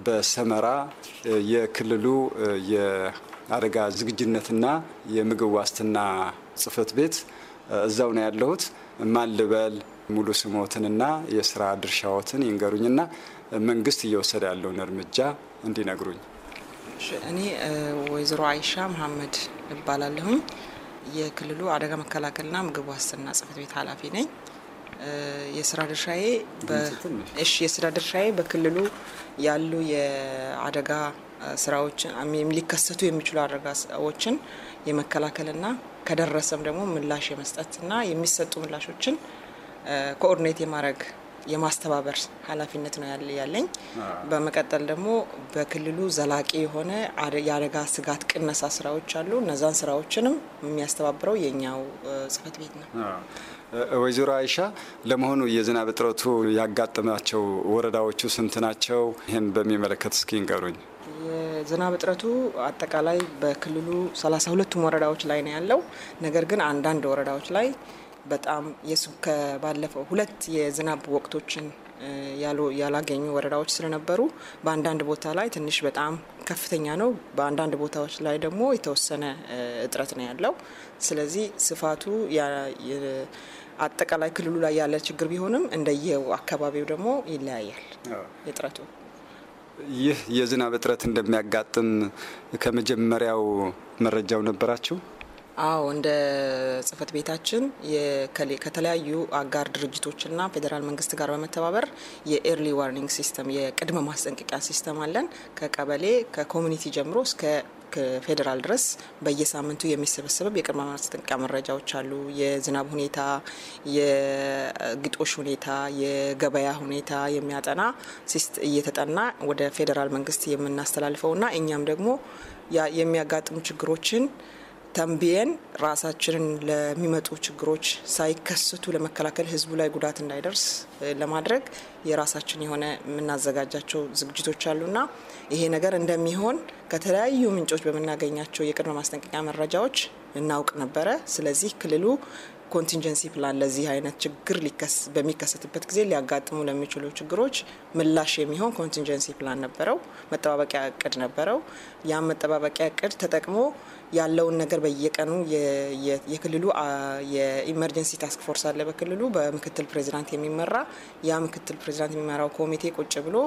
በሰመራ የክልሉ የአደጋ ዝግጅነትና የምግብ ዋስትና ጽህፈት ቤት እዛው ነው ያለሁት። ማን ልበል ሙሉ ስሞትንና የስራ ድርሻዎትን ይንገሩኝና መንግስት እየወሰደ ያለውን እርምጃ እንዲነግሩኝ። እኔ ወይዘሮ አይሻ መሀመድ እባላለሁኝ። የክልሉ አደጋ መከላከልና ምግብ ዋስትና ጽህፈት ቤት ኃላፊ ነኝ። የስራ ድርሻዬ የስራ ድርሻዬ በክልሉ ያሉ የአደጋ ስራዎችን ሊከሰቱ የሚችሉ አደጋዎችን የመከላከልና ከደረሰም ደግሞ ምላሽ የመስጠትና የሚሰጡ ምላሾችን ኮኦርዲኔት የማድረግ የማስተባበር ኃላፊነት ነው ያለኝ። በመቀጠል ደግሞ በክልሉ ዘላቂ የሆነ የአደጋ ስጋት ቅነሳ ስራዎች አሉ። እነዛን ስራዎችንም የሚያስተባብረው የኛው ጽህፈት ቤት ነው። ወይዘሮ አይሻ ለመሆኑ የዝናብ እጥረቱ ያጋጠማቸው ወረዳዎቹ ስንት ናቸው? ይህን በሚመለከት እስኪ ንገሩኝ። የዝናብ እጥረቱ አጠቃላይ በክልሉ ሰላሳ ሁለቱም ወረዳዎች ላይ ነው ያለው። ነገር ግን አንዳንድ ወረዳዎች ላይ በጣም ከባለፈው ሁለት የዝናብ ወቅቶችን ያላገኙ ወረዳዎች ስለነበሩ በአንዳንድ ቦታ ላይ ትንሽ በጣም ከፍተኛ ነው። በአንዳንድ ቦታዎች ላይ ደግሞ የተወሰነ እጥረት ነው ያለው። ስለዚህ ስፋቱ አጠቃላይ ክልሉ ላይ ያለ ችግር ቢሆንም እንደየው አካባቢው ደግሞ ይለያያል እጥረቱ። ይህ የዝናብ እጥረት እንደሚያጋጥም ከመጀመሪያው መረጃው ነበራችሁ? አዎ እንደ ጽህፈት ቤታችን ከተለያዩ አጋር ድርጅቶችና ፌዴራል መንግስት ጋር በመተባበር የኤርሊ ዋርኒንግ ሲስተም የቅድመ ማስጠንቀቂያ ሲስተም አለን። ከቀበሌ ከኮሚኒቲ ጀምሮ እስከ ፌዴራል ድረስ በየሳምንቱ የሚሰበሰበብ የቅድመ ማስጠንቀቂያ መረጃዎች አሉ። የዝናብ ሁኔታ፣ የግጦሽ ሁኔታ፣ የገበያ ሁኔታ የሚያጠና እየተጠና ወደ ፌዴራል መንግስት የምናስተላልፈውና እኛም ደግሞ የሚያጋጥሙ ችግሮችን ተንብየን ራሳችንን ለሚመጡ ችግሮች ሳይከሰቱ ለመከላከል ህዝቡ ላይ ጉዳት እንዳይደርስ ለማድረግ የራሳችን የሆነ የምናዘጋጃቸው ዝግጅቶች አሉና ይሄ ነገር እንደሚሆን ከተለያዩ ምንጮች በምናገኛቸው የቅድመ ማስጠንቀቂያ መረጃዎች እናውቅ ነበረ። ስለዚህ ክልሉ ኮንቲንጀንሲ ፕላን ለዚህ አይነት ችግር በሚከሰትበት ጊዜ ሊያጋጥሙ ለሚችሉ ችግሮች ምላሽ የሚሆን ኮንቲንጀንሲ ፕላን ነበረው፣ መጠባበቂያ እቅድ ነበረው። ያም መጠባበቂያ እቅድ ተጠቅሞ ያለውን ነገር በየቀኑ የክልሉ የኢመርጀንሲ ታስክ ፎርስ አለ በክልሉ በምክትል ፕሬዚዳንት የሚመራ ያ ምክትል ፕሬዚዳንት የሚመራው ኮሚቴ ቁጭ ብሎ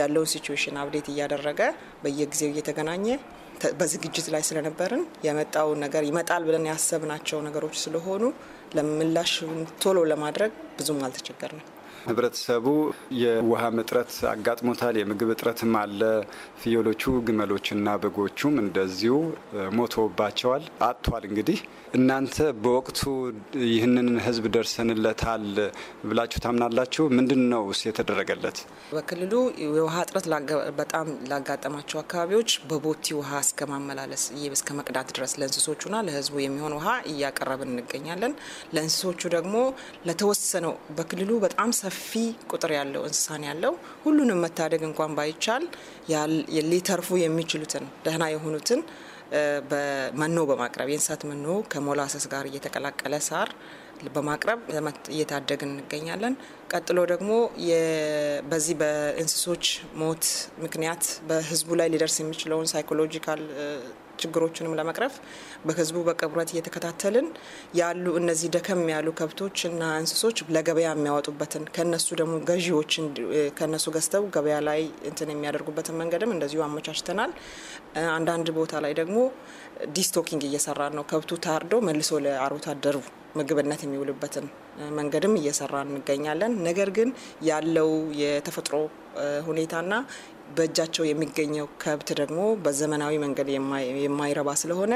ያለውን ሲትዌሽን አብዴት እያደረገ በየጊዜው እየተገናኘ በዝግጅት ላይ ስለነበርን የመጣውን ነገር ይመጣል ብለን ያሰብናቸው ነገሮች ስለሆኑ ለምላሽ ቶሎ ለማድረግ ብዙም አልተቸገርንም። ህብረተሰቡ የውሃ እጥረት አጋጥሞታል። የምግብ እጥረትም አለ። ፍየሎቹ፣ ግመሎችና በጎቹም እንደዚሁ ሞቶባቸዋል፣ አጥቷል። እንግዲህ እናንተ በወቅቱ ይህንን ህዝብ ደርሰንለታል ብላችሁ ታምናላችሁ? ምንድን ነው የተደረገለት? በክልሉ የውሃ እጥረት በጣም ላጋጠማቸው አካባቢዎች በቦቲ ውሃ እስከ ማመላለስ እስከ መቅዳት ድረስ ለእንስሶቹና ለህዝቡ የሚሆን ውሃ እያቀረብን እንገኛለን። ለእንስሶቹ ደግሞ ለተወሰነው በክልሉ በጣም ሰፊ ቁጥር ያለው እንስሳን ያለው ሁሉንም መታደግ እንኳን ባይቻል ሊተርፉ የሚችሉትን ደህና የሆኑትን መኖ በማቅረብ የእንስሳት መኖ ከሞላሰስ ጋር እየተቀላቀለ ሳር በማቅረብ እየታደግን እንገኛለን። ቀጥሎ ደግሞ በዚህ በእንስሶች ሞት ምክንያት በህዝቡ ላይ ሊደርስ የሚችለውን ሳይኮሎጂካል ችግሮችንም ለመቅረፍ በህዝቡ በቅርበት እየተከታተልን ያሉ እነዚህ ደከም ያሉ ከብቶች እና እንስሶች ለገበያ የሚያወጡበትን ከነሱ ደግሞ ገዢዎችን ከነሱ ገዝተው ገበያ ላይ እንትን የሚያደርጉበትን መንገድም እንደዚሁ አመቻችተናል። አንዳንድ ቦታ ላይ ደግሞ ዲስቶኪንግ እየሰራን ነው። ከብቱ ታርዶ መልሶ ለአርብቶ አደሩ ምግብነት የሚውልበትን መንገድም እየሰራ እንገኛለን። ነገር ግን ያለው የተፈጥሮ ሁኔታና በእጃቸው የሚገኘው ከብት ደግሞ በዘመናዊ መንገድ የማይረባ ስለሆነ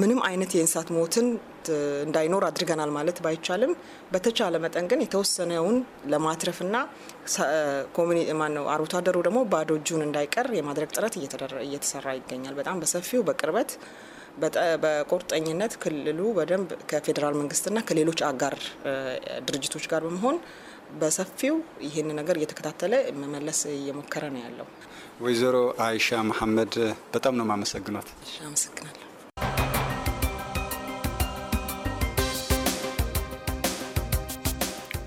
ምንም አይነት የእንስሳት ሞትን እንዳይኖር አድርገናል ማለት ባይቻልም በተቻለ መጠን ግን የተወሰነውን ለማትረፍና ማነው አርብቶ አደሩ ደግሞ ባዶ እጁን እንዳይቀር የማድረግ ጥረት እየተሰራ ይገኛል። በጣም በሰፊው በቅርበት በቁርጠኝነት ክልሉ በደንብ ከፌዴራል መንግስትና ከሌሎች አጋር ድርጅቶች ጋር በመሆን በሰፊው ይህን ነገር እየተከታተለ መመለስ እየሞከረ ነው ያለው። ወይዘሮ አይሻ መሐመድ በጣም ነው የማመሰግኖት። አመሰግናለሁ።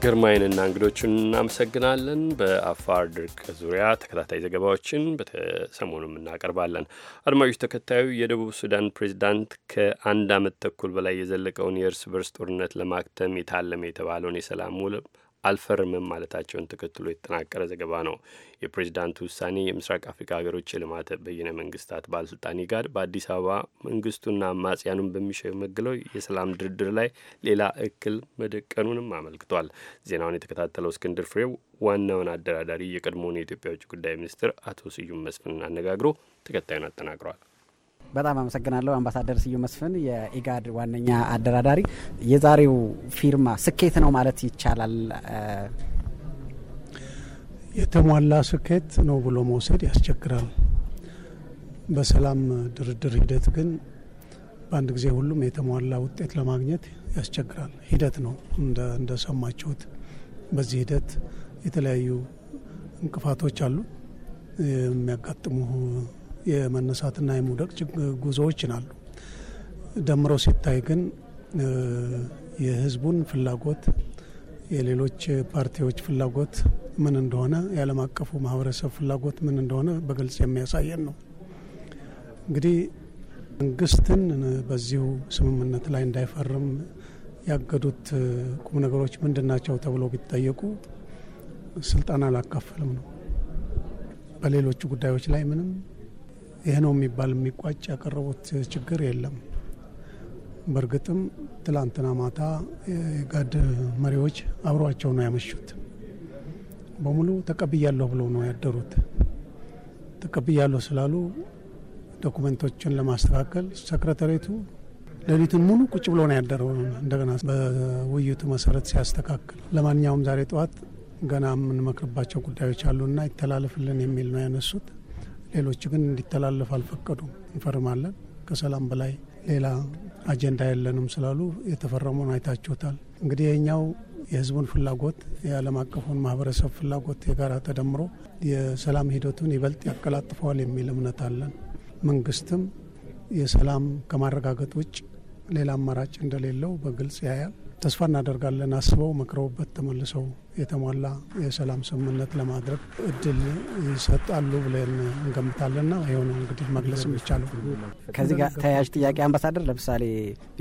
ግርማይንና እንግዶቹን እናመሰግናለን። በአፋር ድርቅ ዙሪያ ተከታታይ ዘገባዎችን በሰሞኑም እናቀርባለን። አድማጮች፣ ተከታዩ የደቡብ ሱዳን ፕሬዚዳንት ከአንድ ዓመት ተኩል በላይ የዘለቀውን የእርስ በርስ ጦርነት ለማክተም የታለመ የተባለውን የሰላም ውል አልፈርምም ማለታቸውን ተከትሎ የተጠናቀረ ዘገባ ነው። የፕሬዚዳንቱ ውሳኔ የምስራቅ አፍሪካ ሀገሮች የልማት በይነ መንግስታት ባለስልጣን ኢጋድ በአዲስ አበባ መንግስቱና አማጽያኑን በሚሸመግለው የሰላም ድርድር ላይ ሌላ እክል መደቀኑንም አመልክቷል። ዜናውን የተከታተለው እስክንድር ፍሬው ዋናውን አደራዳሪ የቀድሞውን የኢትዮጵያ ውጭ ጉዳይ ሚኒስትር አቶ ስዩም መስፍንን አነጋግሮ ተከታዩን አጠናቅሯል። በጣም አመሰግናለሁ አምባሳደር ስዩ መስፍን የኢጋድ ዋነኛ አደራዳሪ። የዛሬው ፊርማ ስኬት ነው ማለት ይቻላል? የተሟላ ስኬት ነው ብሎ መውሰድ ያስቸግራል። በሰላም ድርድር ሂደት ግን በአንድ ጊዜ ሁሉም የተሟላ ውጤት ለማግኘት ያስቸግራል። ሂደት ነው እንደሰማችሁት። በዚህ ሂደት የተለያዩ እንቅፋቶች አሉ የሚያጋጥሙ የመነሳትና የመውደቅ ጉዞዎችን አሉ። ደምሮ ሲታይ ግን የህዝቡን ፍላጎት የሌሎች ፓርቲዎች ፍላጎት ምን እንደሆነ የዓለም አቀፉ ማህበረሰብ ፍላጎት ምን እንደሆነ በግልጽ የሚያሳየን ነው። እንግዲህ መንግስትን በዚሁ ስምምነት ላይ እንዳይፈርም ያገዱት ቁም ነገሮች ምንድን ናቸው ተብሎ ቢጠየቁ ስልጣን አላካፈልም ነው። በሌሎቹ ጉዳዮች ላይ ምንም ይህ ነው የሚባል የሚቋጭ ያቀረቡት ችግር የለም። በእርግጥም ትላንትና ማታ የጋድ መሪዎች አብሯቸው ነው ያመሹት። በሙሉ ተቀብያለሁ ብለው ነው ያደሩት። ተቀብያለሁ ስላሉ ዶኩመንቶችን ለማስተካከል ሰክረታሪቱ ሌሊቱን ሙሉ ቁጭ ብሎ ነው ያደረው። እንደገና በውይይቱ መሰረት ሲያስተካክል፣ ለማንኛውም ዛሬ ጠዋት ገና የምንመክርባቸው ጉዳዮች አሉና ይተላለፍልን የሚል ነው ያነሱት። ሌሎች ግን እንዲተላለፍ አልፈቀዱም። እንፈርማለን ከሰላም በላይ ሌላ አጀንዳ የለንም ስላሉ የተፈረሙን አይታችሁታል። እንግዲህ የኛው የህዝቡን ፍላጎት የዓለም አቀፉን ማህበረሰብ ፍላጎት የጋራ ተደምሮ የሰላም ሂደቱን ይበልጥ ያቀላጥፈዋል የሚል እምነት አለን። መንግስትም የሰላም ከማረጋገጥ ውጭ ሌላ አማራጭ እንደሌለው በግልጽ ያያል። ተስፋ እናደርጋለን። አስበው መክረውበት ተመልሰው የተሟላ የሰላም ስምምነት ለማድረግ እድል ይሰጣሉ ብለን እንገምታለንና የሆነ እንግዲህ መግለጽ የሚቻለው ከዚህ ጋር ተያያዥ ጥያቄ አምባሳደር፣ ለምሳሌ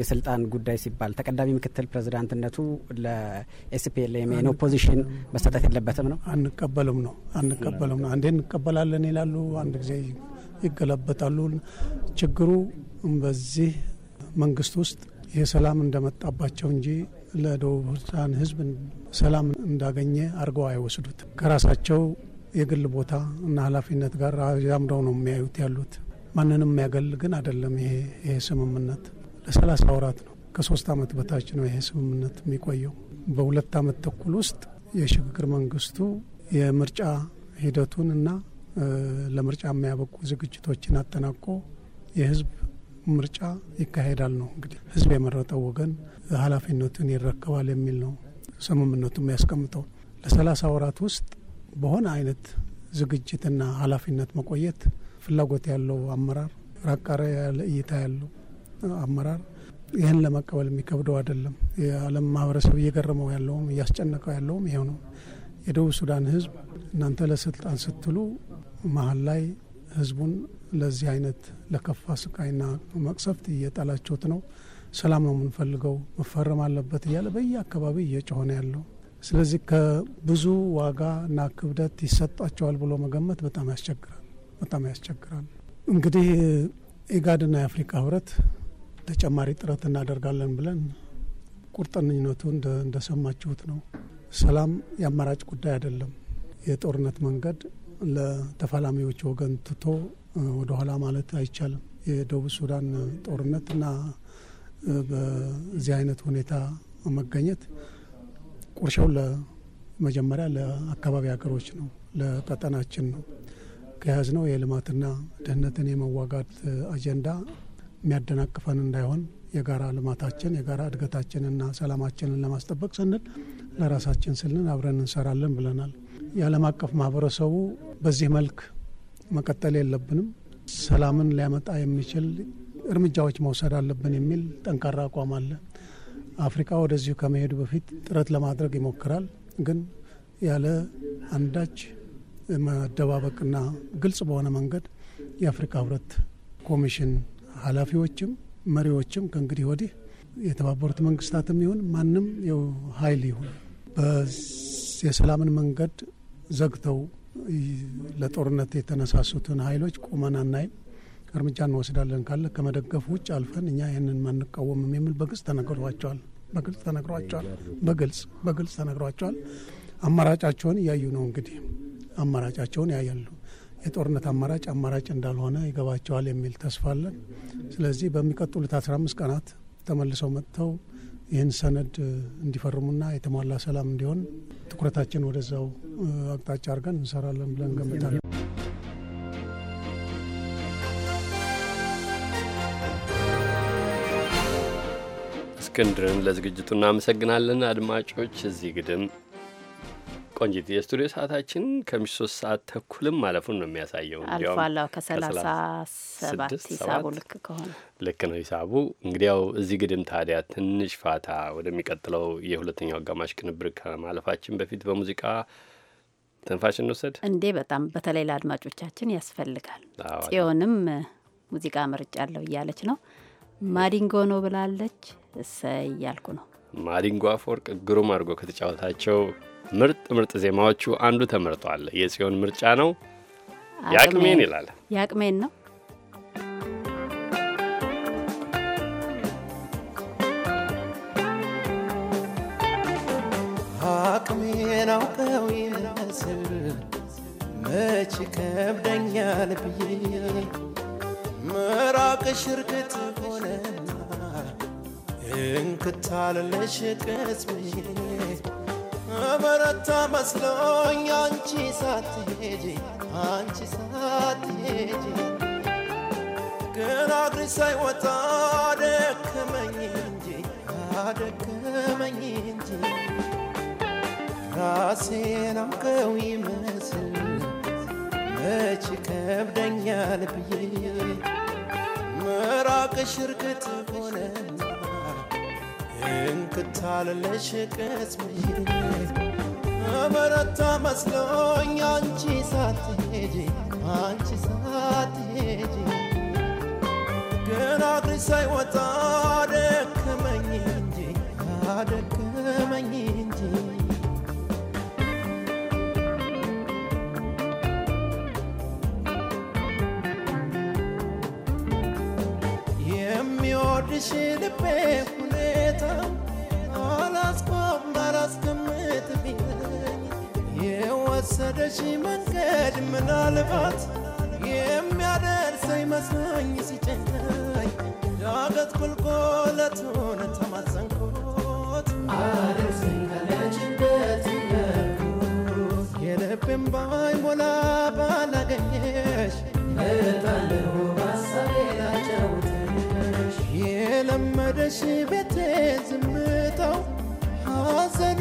የስልጣን ጉዳይ ሲባል ተቀዳሚ ምክትል ፕሬዚዳንትነቱ ለኤስፒኤልኤም ኦፖዚሽን መሰጠት የለበትም ነው አንቀበልም ነው አንቀበልም ነው። አንዴ እንቀበላለን ይላሉ፣ አንድ ጊዜ ይገለበጣሉ። ችግሩ በዚህ መንግስት ውስጥ ይህ ሰላም እንደመጣባቸው እንጂ ለደቡብ ሱዳን ህዝብ ሰላም እንዳገኘ አድርገው አይወስዱትም። ከራሳቸው የግል ቦታ እና ኃላፊነት ጋር አዛምደው ነው የሚያዩት ያሉት። ማንንም የሚያገል ግን አይደለም። ይሄ ይሄ ስምምነት ለሰላሳ ወራት ነው። ከሶስት አመት በታች ነው ይሄ ስምምነት የሚቆየው። በሁለት አመት ተኩል ውስጥ የሽግግር መንግስቱ የምርጫ ሂደቱን እና ለምርጫ የሚያበቁ ዝግጅቶችን አጠናቆ የህዝብ ምርጫ ይካሄዳል ነው እንግዲህ ህዝብ የመረጠው ወገን ኃላፊነቱን ይረከባል የሚል ነው ስምምነቱ የሚያስቀምጠው። ለሰላሳ ወራት ውስጥ በሆነ አይነት ዝግጅትና ኃላፊነት መቆየት ፍላጎት ያለው አመራር ራቃረ ያለ እይታ ያለው አመራር ይህን ለመቀበል የሚከብደው አይደለም። የዓለም ማህበረሰብ እየገረመው ያለውም እያስጨነቀው ያለውም ይሄው ነው። የደቡብ ሱዳን ህዝብ እናንተ ለስልጣን ስትሉ መሀል ላይ ህዝቡን ለዚህ አይነት ለከፋ ስቃይና መቅሰፍት እየጣላችሁት ነው። ሰላም ነው የምንፈልገው፣ መፈረም አለበት እያለ በየአካባቢ እየጮኸ ነው ያለው። ስለዚህ ከብዙ ዋጋና ክብደት ይሰጣቸዋል ብሎ መገመት በጣም ያስቸግራል፣ በጣም ያስቸግራል። እንግዲህ ኢጋድና የአፍሪካ ህብረት ተጨማሪ ጥረት እናደርጋለን ብለን ቁርጠኝነቱ እንደሰማችሁት ነው። ሰላም የአማራጭ ጉዳይ አይደለም። የጦርነት መንገድ ለተፋላሚዎች ወገን ትቶ ወደኋላ ማለት አይቻልም። የደቡብ ሱዳን ጦርነትና በዚህ አይነት ሁኔታ መገኘት ቁርሻው ለመጀመሪያ ለአካባቢ ሀገሮች ነው፣ ለቀጠናችን ነው። ነው የልማትና ደህንነትን የመዋጋት አጀንዳ የሚያደናቅፈን እንዳይሆን የጋራ ልማታችን የጋራ እድገታችንና ሰላማችንን ለማስጠበቅ ስንል ለራሳችን ስልን አብረን እንሰራለን ብለናል። የዓለም አቀፍ ማህበረሰቡ በዚህ መልክ መቀጠል የለብንም። ሰላምን ሊያመጣ የሚችል እርምጃዎች መውሰድ አለብን የሚል ጠንካራ አቋም አለ። አፍሪካ ወደዚሁ ከመሄዱ በፊት ጥረት ለማድረግ ይሞክራል። ግን ያለ አንዳች መደባበቅና ግልጽ በሆነ መንገድ የአፍሪካ ህብረት ኮሚሽን ኃላፊዎችም መሪዎችም ከእንግዲህ ወዲህ የተባበሩት መንግስታትም ይሁን ማንም ኃይል ይሁን የሰላምን መንገድ ዘግተው ለጦርነት የተነሳሱትን ኃይሎች ቁመን አናይም፣ እርምጃ እንወስዳለን ካለ ከመደገፍ ውጭ አልፈን እኛ ይህንን ማንቃወምም የሚል በግልጽ ተነግሯቸዋል። በግልጽ ተነግሯቸዋል። በግልጽ በግልጽ ተነግሯቸዋል። አማራጫቸውን እያዩ ነው እንግዲህ አማራጫቸውን ያያሉ። የጦርነት አማራጭ አማራጭ እንዳልሆነ ይገባቸዋል የሚል ተስፋ አለን። ስለዚህ በሚቀጥሉት አስራ አምስት ቀናት ተመልሰው መጥተው ይህን ሰነድ እንዲፈርሙና የተሟላ ሰላም እንዲሆን ትኩረታችን ወደዛው አቅጣጫ አድርገን እንሰራለን ብለን ገምታለን። እስክንድርን ለዝግጅቱ እናመሰግናለን። አድማጮች እዚህ ግድም ቆንጂት የስቱዲዮ ሰዓታችን ከምሽ ሶስት ሰዓት ተኩልም ማለፉን ነው የሚያሳየው። አልፏላው ከሰላሳ ሰባት ሂሳቡ ልክ ከሆነ ልክ ነው ሂሳቡ። እንግዲያው እዚህ ግድም ታዲያ ትንሽ ፋታ ወደሚቀጥለው የሁለተኛው አጋማሽ ቅንብር ከማለፋችን በፊት በሙዚቃ ትንፋሽ እንወሰድ እንዴ? በጣም በተለይ ለአድማጮቻችን ያስፈልጋል። ጽዮንም ሙዚቃ አለው እያለች ነው። ማዲንጎ ነው ብላለች። እሰይ እያልኩ ነው። ማዲንጎ አፈወርቅ ግሩም አድርጎ ከተጫወታቸው ምርጥ ምርጥ ዜማዎቹ አንዱ ተመርጧል። የጽዮን ምርጫ ነው። ያቅሜን ይላል። ያቅሜን ነው አቅሜን አውቀው መች ከብደኛል ብዬ ምራቅ ሽርክት ሆነና እንክታለለሽ በረታ መስሎኝ አንቺ ሳትሄጂ አንቺ ሳትሄጂ ግን አግሪ ሳይወጣ ደከመኝ እንጂ አደከመኝ እንጂ ራሴን አውቀው ይመስል መች ከብደኛል ብዬ ምራቅሽ እርግጥ ሆነና እንክታለለሽ ቅጽሜ በረታ መስሎኝ አንቺ ሳትሄጂ አንቺ ሳትሄጂ ግን አግሪ ሳይወጣ ደከመኝ እንጂ አደከመኝ እንጂ የሚወድሽ ልቤ ሰው አላስቆም ባላስቀምጥ ቢለኝ መንገድ ምናልባት የሚያደርሰኝ መስሎኝ ሲጨናኝ ዳገት ቁልቁለቱን ተማጸንኩት አደርሰኝ ከለችበት የልቤም ባይሞላ ባላገኘሽ እጣለሁ ነሽ ቤቴ ዝምታው ሐዘኑ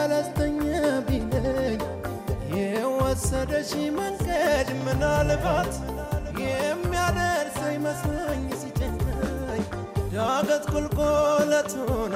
አላስተኛ ቢለኝ የወሰደሽ መንገድ ምናልባት የሚያደርሰኝ መስሎኝ ዳገት ቁልቁለቱን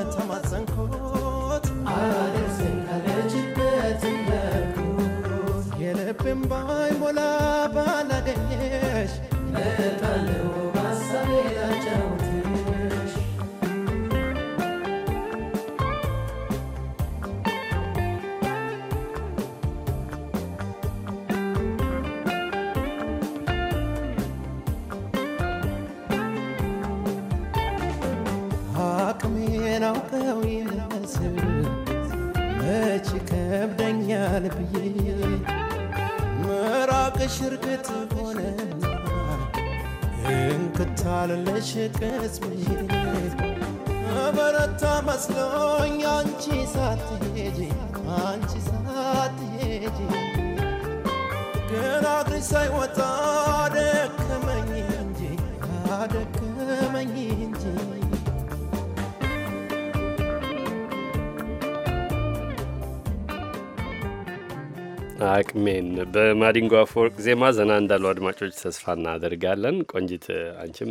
አቅሜን በማዲንጎ አፈወርቅ ዜማ ዘና እንዳሉ አድማጮች ተስፋ እናደርጋለን። ቆንጂት አንቺም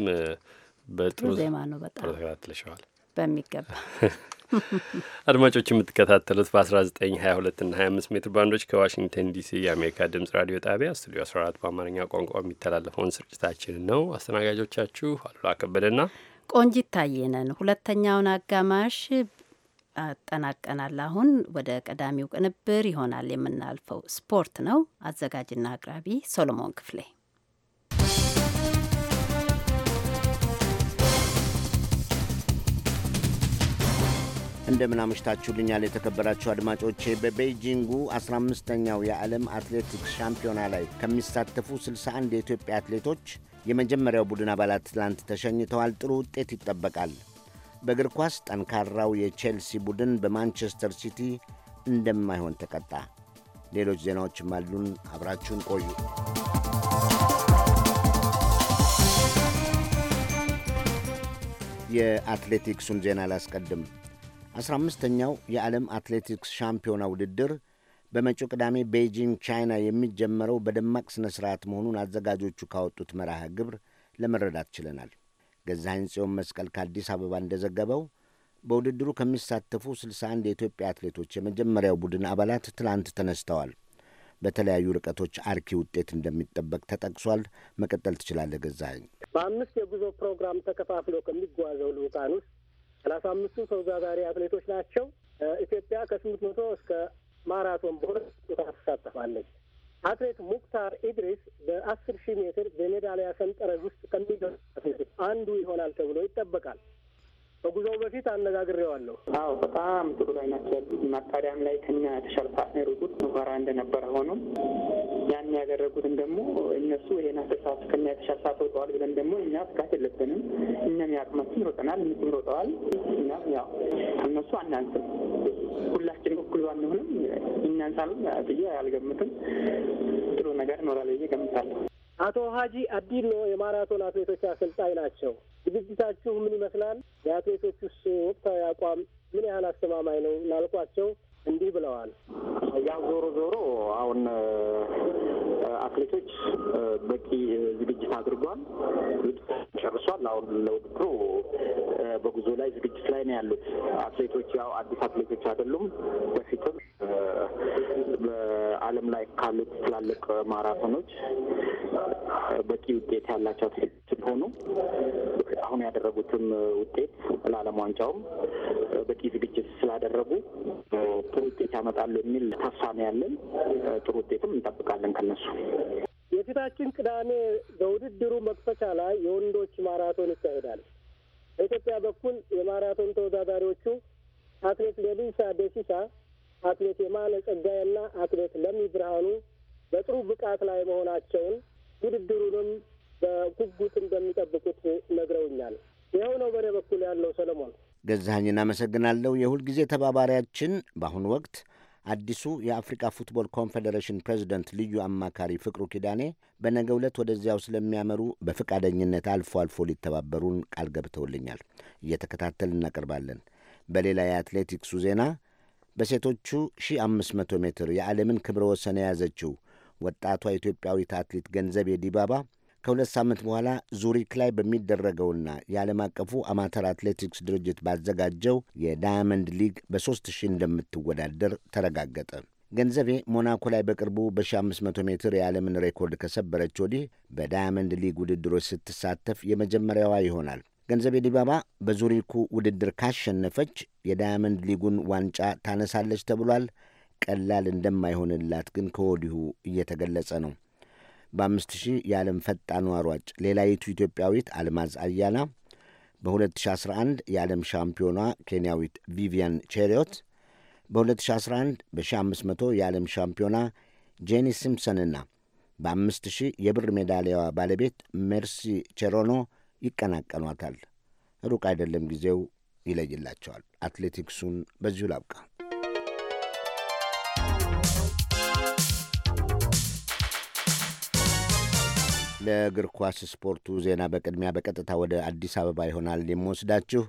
በጥሩ ዜማ ነው በጣም ተከታትለሸዋል በሚገባ አድማጮች የምትከታተሉት በ1922 እና 25 ሜትር ባንዶች ከዋሽንግተን ዲሲ የአሜሪካ ድምጽ ራዲዮ ጣቢያ ስቱዲዮ 14 በአማርኛ ቋንቋ የሚተላለፈውን ስርጭታችን ነው። አስተናጋጆቻችሁ አሉላ ከበደና ቆንጂት ታየነን። ሁለተኛውን አጋማሽ አጠናቀናል። አሁን ወደ ቀዳሚው ቅንብር ይሆናል የምናልፈው። ስፖርት ነው። አዘጋጅና አቅራቢ ሶሎሞን ክፍሌ። እንደምን አምሽታችሁልኛል የተከበራችሁ አድማጮቼ። በቤይጂንጉ 15ኛው የዓለም አትሌቲክስ ሻምፒዮና ላይ ከሚሳተፉ 61 የኢትዮጵያ አትሌቶች የመጀመሪያው ቡድን አባላት ትላንት ተሸኝተዋል። ጥሩ ውጤት ይጠበቃል። በእግር ኳስ ጠንካራው የቼልሲ ቡድን በማንቸስተር ሲቲ እንደማይሆን ተቀጣ። ሌሎች ዜናዎችም አሉን። አብራችሁን ቆዩ። የአትሌቲክሱን ዜና ላስቀድም። አስራ አምስተኛው የዓለም አትሌቲክስ ሻምፒዮና ውድድር በመጪው ቅዳሜ ቤይጂንግ ቻይና የሚጀመረው በደማቅ ሥነ ሥርዓት መሆኑን አዘጋጆቹ ካወጡት መርሃ ግብር ለመረዳት ችለናል። ገዛኸኝ ጽዮን መስቀል ከአዲስ አበባ እንደዘገበው በውድድሩ ከሚሳተፉ 61 የኢትዮጵያ አትሌቶች የመጀመሪያው ቡድን አባላት ትላንት ተነስተዋል። በተለያዩ ርቀቶች አርኪ ውጤት እንደሚጠበቅ ተጠቅሷል። መቀጠል ትችላለህ ገዛኸኝ። በአምስት የጉዞ ፕሮግራም ተከፋፍሎ ከሚጓዘው ልዑካን ውስጥ ሰላሳ አምስቱ ተወዳዳሪ አትሌቶች ናቸው። ኢትዮጵያ ከስምንት መቶ እስከ ማራቶን በሆነ ትሳተፋለች። አትሌት ሙክታር ኢድሪስ በአስር ሺህ ሜትር በሜዳሊያ ሰንጠረዥ ውስጥ ከሚገኙ አንዱ ይሆናል ተብሎ ይጠበቃል። በጉዞው በፊት አነጋግሬዋለሁ። አዎ በጣም ጥሩ ላይ ናቸው ማጣሪያም ላይ ከኛ የተሻለ ፓርትነር ሩቁት ሙከራ እንደነበረ ሆኖ ያን ያደረጉትን ደግሞ እነሱ ይሄን አስር ከኛ የተሻለ ሰዓት ሮጠዋል ብለን ደግሞ እኛ ስጋት የለብንም። እኛም ያቅማችን ሮጠናል፣ እነሱም ሮጠዋል። እኛም ያው እነሱ አናንስም። ሁላችን እኩል ባንሆንም እኛን ብዬ አልገምትም። ጥሩ ነገር ኖራል ብዬ ገምታለሁ። አቶ ሀጂ አዲሎ የማራቶን አትሌቶች አሰልጣኝ ናቸው። ዝግጅታችሁ ምን ይመስላል? የአትሌቶቹስ ወቅታዊ አቋም ምን ያህል አስተማማኝ ነው ላልኳቸው እንዲህ ብለዋል። ያው ዞሮ ዞሮ አሁን አትሌቶች በቂ ዝግጅት አድርጓል፣ ዝግጅት ጨርሷል። አሁን ለውድድሩ በጉዞ ላይ ዝግጅት ላይ ነው ያሉት አትሌቶች። ያው አዲስ አትሌቶች አይደሉም። በማራቶኖች በቂ ውጤት ያላቸው ስለሆኑ አሁን ያደረጉትም ውጤት ለዓለም ዋንጫውም በቂ ዝግጅት ስላደረጉ ጥሩ ውጤት ያመጣሉ የሚል ተስፋ ነው ያለን። ጥሩ ውጤትም እንጠብቃለን ከነሱ። የፊታችን ቅዳሜ በውድድሩ መክፈቻ ላይ የወንዶች ማራቶን ይካሄዳል። በኢትዮጵያ በኩል የማራቶን ተወዳዳሪዎቹ አትሌት ሌሊሳ ደሲሳ፣ አትሌት የማነ ጸጋዬና አትሌት ለሚ ብርሃኑ በጥሩ ብቃት ላይ መሆናቸውን ውድድሩንም በጉጉት እንደሚጠብቁት ነግረውኛል። ይኸው ነው በእኔ በኩል ያለው። ሰለሞን ገዛኝ እናመሰግናለሁ። የሁልጊዜ ተባባሪያችን በአሁኑ ወቅት አዲሱ የአፍሪካ ፉትቦል ኮንፌዴሬሽን ፕሬዚደንት ልዩ አማካሪ ፍቅሩ ኪዳኔ በነገ ዕለት ወደዚያው ስለሚያመሩ በፈቃደኝነት አልፎ አልፎ ሊተባበሩን ቃል ገብተውልኛል። እየተከታተል እናቀርባለን። በሌላ የአትሌቲክሱ ዜና በሴቶቹ 1500 ሜትር የዓለምን ክብረ ወሰን የያዘችው ወጣቷ ኢትዮጵያዊት አትሌት ገንዘቤ ዲባባ ከሁለት ሳምንት በኋላ ዙሪክ ላይ በሚደረገውና የዓለም አቀፉ አማተር አትሌቲክስ ድርጅት ባዘጋጀው የዳያመንድ ሊግ በ3000 እንደምትወዳደር ተረጋገጠ። ገንዘቤ ሞናኮ ላይ በቅርቡ በ1500 ሜትር የዓለምን ሬኮርድ ከሰበረች ወዲህ በዳያመንድ ሊግ ውድድሮች ስትሳተፍ የመጀመሪያዋ ይሆናል። ገንዘቤ ዲባባ በዙሪኩ ውድድር ካሸነፈች የዳያመንድ ሊጉን ዋንጫ ታነሳለች ተብሏል። ቀላል እንደማይሆንላት ግን ከወዲሁ እየተገለጸ ነው። በአምስት ሺህ የዓለም ፈጣን ዋሯጭ ሌላዪቱ ኢትዮጵያዊት አልማዝ አያና፣ በ2011 የዓለም ሻምፒዮኗ ኬንያዊት ቪቪያን ቼሪዮት፣ በ2011 በ1500 የዓለም ሻምፒዮና ጄኒ ሲምፕሰንና በ ሺህ የብር ሜዳሊያዋ ባለቤት ሜርሲ ቼሮኖ ይቀናቀኗታል። ሩቅ አይደለም ጊዜው ይለይላቸዋል። አትሌቲክሱን በዚሁ ላብቃ። ለእግር ኳስ ስፖርቱ ዜና በቅድሚያ በቀጥታ ወደ አዲስ አበባ ይሆናል የምወስዳችሁ።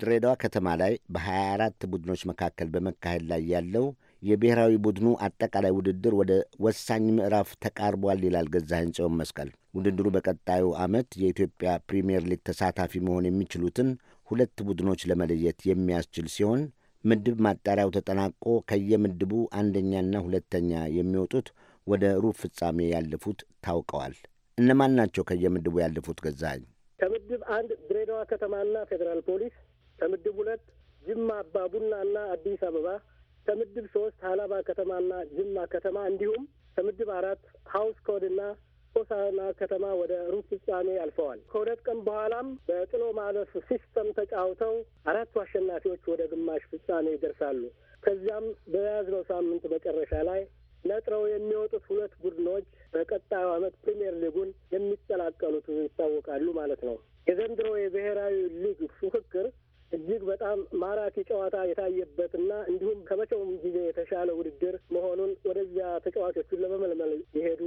ድሬዳዋ ከተማ ላይ በ24 ቡድኖች መካከል በመካሄድ ላይ ያለው የብሔራዊ ቡድኑ አጠቃላይ ውድድር ወደ ወሳኝ ምዕራፍ ተቃርቧል ይላል ገዛኸኝ ጽዮን መስቀል። ውድድሩ በቀጣዩ ዓመት የኢትዮጵያ ፕሪምየር ሊግ ተሳታፊ መሆን የሚችሉትን ሁለት ቡድኖች ለመለየት የሚያስችል ሲሆን ምድብ ማጣሪያው ተጠናቆ ከየምድቡ አንደኛና ሁለተኛ የሚወጡት ወደ ሩብ ፍጻሜ ያለፉት ታውቀዋል። እነማን ናቸው ከየምድቡ ያለፉት? ገዛኝ? ከምድብ አንድ ድሬዳዋ ከተማና ፌዴራል ፖሊስ፣ ከምድብ ሁለት ጅማ አባ ቡናና አዲስ አበባ፣ ከምድብ ሶስት ሀላባ ከተማና ጅማ ከተማ እንዲሁም ከምድብ አራት ሀውስ ኮድና ሆሳና ከተማ ወደ ሩብ ፍጻሜ አልፈዋል። ከሁለት ቀን በኋላም በጥሎ ማለፍ ሲስተም ተጫውተው አራቱ አሸናፊዎች ወደ ግማሽ ፍጻሜ ይደርሳሉ። ከዚያም በያዝነው ሳምንት መጨረሻ ላይ ነጥረው የሚወጡት ሁለት ቡድኖች በቀጣዩ ዓመት ፕሪምየር ሊጉን የሚቀላቀሉት ይታወቃሉ ማለት ነው። የዘንድሮ የብሔራዊ ሊግ ፉክክር እጅግ በጣም ማራኪ ጨዋታ የታየበትና እንዲሁም ከመቼውም ጊዜ የተሻለ ውድድር መሆኑን ወደዚያ ተጫዋቾቹን ለመመልመል የሄዱ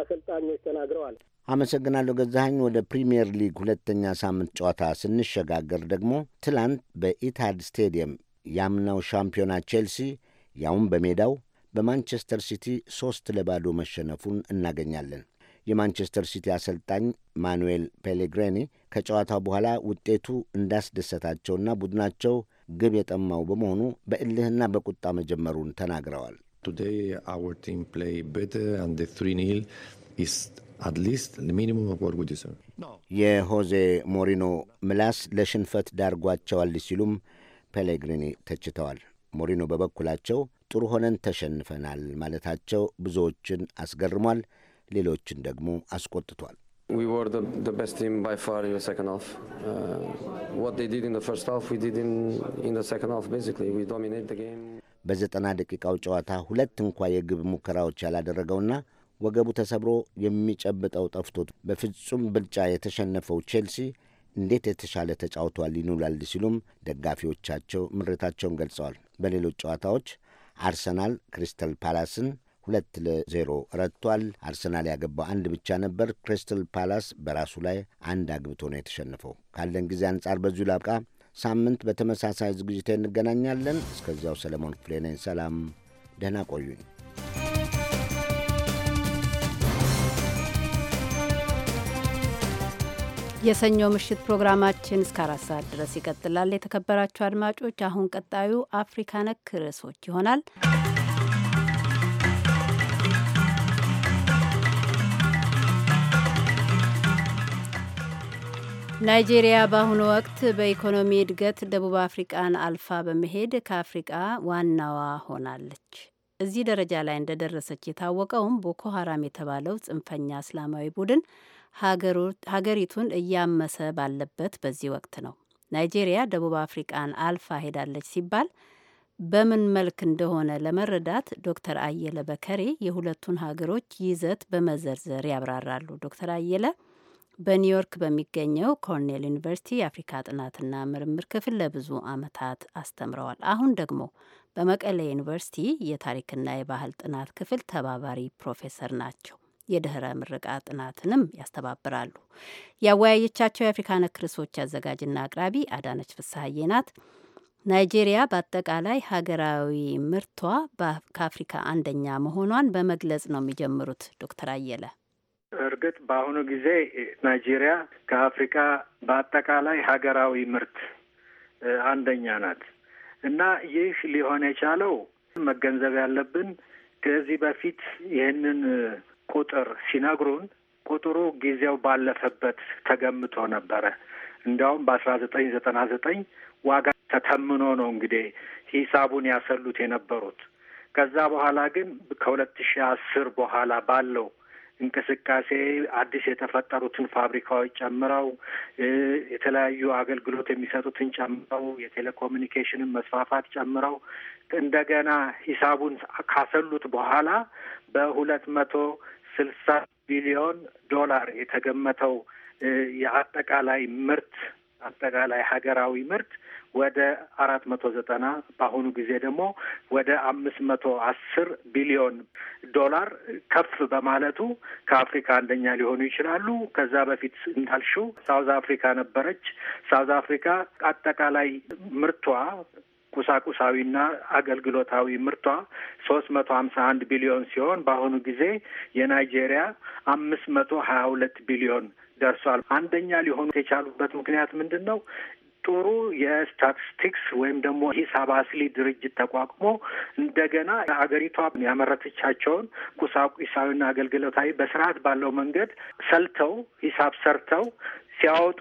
አሰልጣኞች ተናግረዋል። አመሰግናለሁ ገዛሀኝ። ወደ ፕሪምየር ሊግ ሁለተኛ ሳምንት ጨዋታ ስንሸጋገር ደግሞ ትላንት በኢታድ ስቴዲየም ያምናው ሻምፒዮና ቼልሲ ያውም በሜዳው በማንቸስተር ሲቲ ሦስት ለባዶ መሸነፉን እናገኛለን። የማንቸስተር ሲቲ አሰልጣኝ ማኑኤል ፔሌግሪኒ ከጨዋታው በኋላ ውጤቱ እንዳስደሰታቸውና ቡድናቸው ግብ የጠማው በመሆኑ በእልህና በቁጣ መጀመሩን ተናግረዋል። የሆዜ ሞሪኖ ምላስ ለሽንፈት ዳርጓቸዋል ሲሉም ፔሌግሪኒ ተችተዋል። ሞሪኖ በበኩላቸው ጥሩ ሆነን ተሸንፈናል ማለታቸው ብዙዎችን አስገርሟል፣ ሌሎችን ደግሞ አስቆጥቷል። uh, በዘጠና ደቂቃው ጨዋታ ሁለት እንኳ የግብ ሙከራዎች ያላደረገውና ወገቡ ተሰብሮ የሚጨብጠው ጠፍቶት በፍጹም ብልጫ የተሸነፈው ቼልሲ እንዴት የተሻለ ተጫውቷል ይኑላል ሲሉም ደጋፊዎቻቸው ምሬታቸውን ገልጸዋል። በሌሎች ጨዋታዎች አርሰናል ክሪስተል ፓላስን ሁለት ለዜሮ ረቷል። አርሰናል ያገባው አንድ ብቻ ነበር። ክሪስተል ፓላስ በራሱ ላይ አንድ አግብቶ ነው የተሸነፈው። ካለን ጊዜ አንጻር በዚሁ ላብቃ። ሳምንት በተመሳሳይ ዝግጅት እንገናኛለን። እስከዚያው ሰለሞን ክፍሌ ነኝ። ሰላም፣ ደህና ቆዩኝ። የሰኞ ምሽት ፕሮግራማችን እስከ አራት ሰዓት ድረስ ይቀጥላል። የተከበራችሁ አድማጮች፣ አሁን ቀጣዩ አፍሪካ ነክ ርዕሶች ይሆናል። ናይጄሪያ በአሁኑ ወቅት በኢኮኖሚ እድገት ደቡብ አፍሪቃን አልፋ በመሄድ ከአፍሪቃ ዋናዋ ሆናለች። እዚህ ደረጃ ላይ እንደደረሰች የታወቀውም ቦኮ ሀራም የተባለው ጽንፈኛ እስላማዊ ቡድን ሀገሪቱን እያመሰ ባለበት በዚህ ወቅት ነው። ናይጄሪያ ደቡብ አፍሪቃን አልፋ ሄዳለች ሲባል በምን መልክ እንደሆነ ለመረዳት ዶክተር አየለ በከሬ የሁለቱን ሀገሮች ይዘት በመዘርዘር ያብራራሉ። ዶክተር አየለ በኒውዮርክ በሚገኘው ኮርኔል ዩኒቨርሲቲ የአፍሪካ ጥናትና ምርምር ክፍል ለብዙ ዓመታት አስተምረዋል። አሁን ደግሞ በመቀሌ ዩኒቨርሲቲ የታሪክና የባህል ጥናት ክፍል ተባባሪ ፕሮፌሰር ናቸው። የድህረ ምረቃ ጥናትንም ያስተባብራሉ። ያወያየቻቸው የአፍሪካ ነክ ርዕሶች አዘጋጅና አቅራቢ አዳነች ፍስሀዬ ናት። ናይጄሪያ በአጠቃላይ ሀገራዊ ምርቷ ከአፍሪካ አንደኛ መሆኗን በመግለጽ ነው የሚጀምሩት ዶክተር አየለ። እርግጥ በአሁኑ ጊዜ ናይጄሪያ ከአፍሪካ በአጠቃላይ ሀገራዊ ምርት አንደኛ ናት እና ይህ ሊሆን የቻለው መገንዘብ ያለብን ከዚህ በፊት ይህንን ቁጥር ሲነግሩን ቁጥሩ ጊዜው ባለፈበት ተገምቶ ነበረ። እንዲያውም በአስራ ዘጠኝ ዘጠና ዘጠኝ ዋጋ ተተምኖ ነው እንግዲህ ሂሳቡን ያሰሉት የነበሩት። ከዛ በኋላ ግን ከሁለት ሺ አስር በኋላ ባለው እንቅስቃሴ አዲስ የተፈጠሩትን ፋብሪካዎች ጨምረው የተለያዩ አገልግሎት የሚሰጡትን ጨምረው የቴሌኮሚኒኬሽንን መስፋፋት ጨምረው እንደገና ሂሳቡን ካሰሉት በኋላ በሁለት መቶ ስልሳ ቢሊዮን ዶላር የተገመተው የአጠቃላይ ምርት አጠቃላይ ሀገራዊ ምርት ወደ አራት መቶ ዘጠና በአሁኑ ጊዜ ደግሞ ወደ አምስት መቶ አስር ቢሊዮን ዶላር ከፍ በማለቱ ከአፍሪካ አንደኛ ሊሆኑ ይችላሉ። ከዛ በፊት እንዳልሽው ሳውዝ አፍሪካ ነበረች። ሳውዝ አፍሪካ አጠቃላይ ምርቷ ቁሳቁሳዊና አገልግሎታዊ ምርቷ ሶስት መቶ ሀምሳ አንድ ቢሊዮን ሲሆን በአሁኑ ጊዜ የናይጄሪያ አምስት መቶ ሀያ ሁለት ቢሊዮን ደርሷል። አንደኛ ሊሆኑ የቻሉበት ምክንያት ምንድን ነው? ጥሩ የስታቲስቲክስ ወይም ደግሞ ሂሳብ አስሊ ድርጅት ተቋቁሞ እንደገና አገሪቷ ያመረተቻቸውን ቁሳቁሳዊና አገልግሎታዊ በስርዓት ባለው መንገድ ሰልተው ሂሳብ ሰርተው ሲያወጡ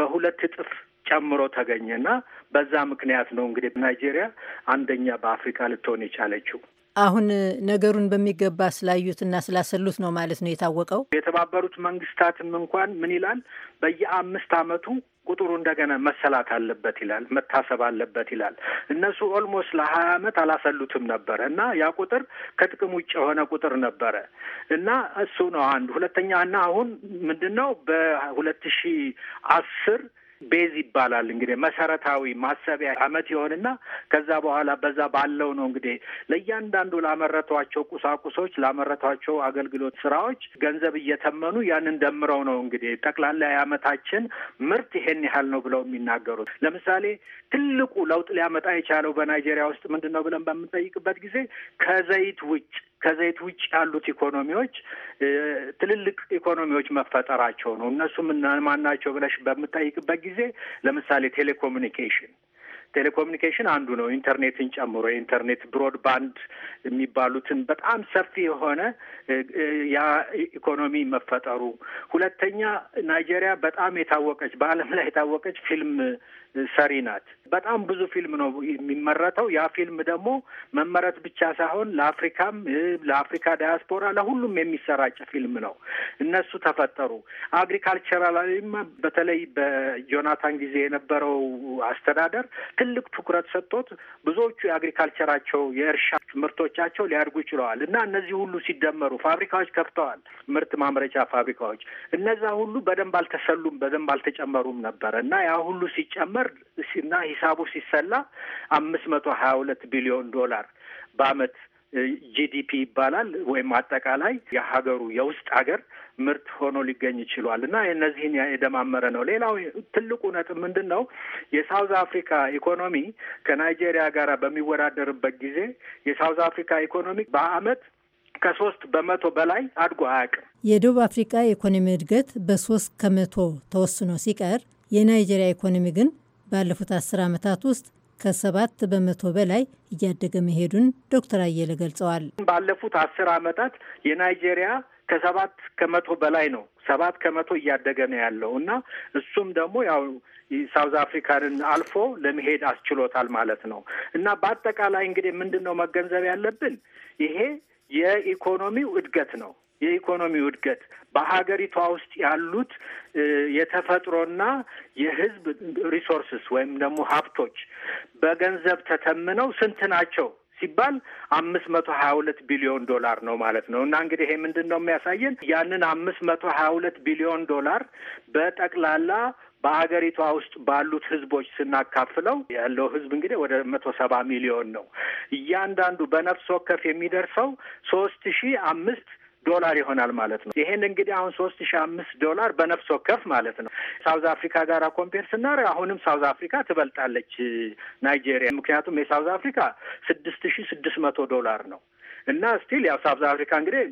በሁለት እጥፍ ጨምሮ ተገኘና በዛ ምክንያት ነው እንግዲህ ናይጄሪያ አንደኛ በአፍሪካ ልትሆን የቻለችው። አሁን ነገሩን በሚገባ ስላዩትና ስላሰሉት ነው ማለት ነው የታወቀው። የተባበሩት መንግስታትም እንኳን ምን ይላል በየአምስት አመቱ ቁጥሩ እንደገና መሰላት አለበት ይላል፣ መታሰብ አለበት ይላል። እነሱ ኦልሞስት ለሀያ አመት አላሰሉትም ነበረ እና ያ ቁጥር ከጥቅም ውጭ የሆነ ቁጥር ነበረ እና እሱ ነው አንድ ሁለተኛ እና አሁን ምንድን ነው በሁለት ሺህ አስር ቤዝ ይባላል እንግዲህ መሰረታዊ ማሰቢያ አመት ይሆንና ከዛ በኋላ በዛ ባለው ነው እንግዲህ ለእያንዳንዱ ላመረቷቸው ቁሳቁሶች ላመረቷቸው አገልግሎት ስራዎች ገንዘብ እየተመኑ ያንን ደምረው ነው እንግዲህ ጠቅላላ የአመታችን ምርት ይሄን ያህል ነው ብለው የሚናገሩት። ለምሳሌ ትልቁ ለውጥ ሊያመጣ የቻለው በናይጄሪያ ውስጥ ምንድን ነው ብለን በምንጠይቅበት ጊዜ ከዘይት ውጭ ከዘይት ውጭ ያሉት ኢኮኖሚዎች ትልልቅ ኢኮኖሚዎች መፈጠራቸው ነው። እነሱም እነማን ናቸው ብለሽ በምጠይቅበት ጊዜ ለምሳሌ ቴሌኮሙኒኬሽን ቴሌኮሙኒኬሽን አንዱ ነው። ኢንተርኔትን ጨምሮ የኢንተርኔት ብሮድባንድ የሚባሉትን በጣም ሰፊ የሆነ ያ ኢኮኖሚ መፈጠሩ። ሁለተኛ ናይጄሪያ በጣም የታወቀች በዓለም ላይ የታወቀች ፊልም ሰሪ ናት። በጣም ብዙ ፊልም ነው የሚመረተው። ያ ፊልም ደግሞ መመረት ብቻ ሳይሆን ለአፍሪካም፣ ለአፍሪካ ዳያስፖራ፣ ለሁሉም የሚሰራጭ ፊልም ነው። እነሱ ተፈጠሩ። አግሪካልቸራላዊም በተለይ በጆናታን ጊዜ የነበረው አስተዳደር ትልቅ ትኩረት ሰጥቶት ብዙዎቹ የአግሪካልቸራቸው የእርሻ ምርቶቻቸው ሊያድጉ ችለዋል እና እነዚህ ሁሉ ሲደመሩ ፋብሪካዎች ከፍተዋል። ምርት ማምረቻ ፋብሪካዎች እነዛ ሁሉ በደንብ አልተሰሉም፣ በደንብ አልተጨመሩም ነበረ እና ያ ሁሉ ሲጨመር እና ሂሳቡ ሲሰላ አምስት መቶ ሀያ ሁለት ቢሊዮን ዶላር በአመት ጂዲፒ ይባላል ወይም አጠቃላይ የሀገሩ የውስጥ ሀገር ምርት ሆኖ ሊገኝ ይችሏል እና እነዚህን የደማመረ ነው። ሌላው ትልቁ ነጥብ ምንድን ነው? የሳውዝ አፍሪካ ኢኮኖሚ ከናይጄሪያ ጋር በሚወዳደርበት ጊዜ የሳውዝ አፍሪካ ኢኮኖሚ በአመት ከሶስት በመቶ በላይ አድጎ አያውቅም። የደቡብ አፍሪካ የኢኮኖሚ እድገት በሶስት ከመቶ ተወስኖ ሲቀር የናይጄሪያ ኢኮኖሚ ግን ባለፉት አስር ዓመታት ውስጥ ከሰባት በመቶ በላይ እያደገ መሄዱን ዶክተር አየለ ገልጸዋል። ባለፉት አስር ዓመታት የናይጄሪያ ከሰባት ከመቶ በላይ ነው። ሰባት ከመቶ እያደገ ነው ያለው እና እሱም ደግሞ ያው ሳውዝ አፍሪካንን አልፎ ለመሄድ አስችሎታል ማለት ነው እና በአጠቃላይ እንግዲህ ምንድን ነው መገንዘብ ያለብን ይሄ የኢኮኖሚው እድገት ነው። የኢኮኖሚ እድገት በሀገሪቷ ውስጥ ያሉት የተፈጥሮና የሕዝብ ሪሶርስስ ወይም ደግሞ ሀብቶች በገንዘብ ተተምነው ስንት ናቸው ሲባል አምስት መቶ ሀያ ሁለት ቢሊዮን ዶላር ነው ማለት ነው። እና እንግዲህ ይሄ ምንድን ነው የሚያሳየን ያንን አምስት መቶ ሀያ ሁለት ቢሊዮን ዶላር በጠቅላላ በሀገሪቷ ውስጥ ባሉት ህዝቦች ስናካፍለው ያለው ህዝብ እንግዲህ ወደ መቶ ሰባ ሚሊዮን ነው። እያንዳንዱ በነፍስ ወከፍ የሚደርሰው ሶስት ሺ አምስት ዶላር ይሆናል ማለት ነው። ይሄን እንግዲህ አሁን ሶስት ሺ አምስት ዶላር በነፍስ ወከፍ ማለት ነው ሳውዝ አፍሪካ ጋር ኮምፔር ስናር አሁንም ሳውዝ አፍሪካ ትበልጣለች ናይጄሪያ። ምክንያቱም የሳውዝ አፍሪካ ስድስት ሺ ስድስት መቶ ዶላር ነው እና ስቲል ያው ሳውዝ አፍሪካ እንግዲህ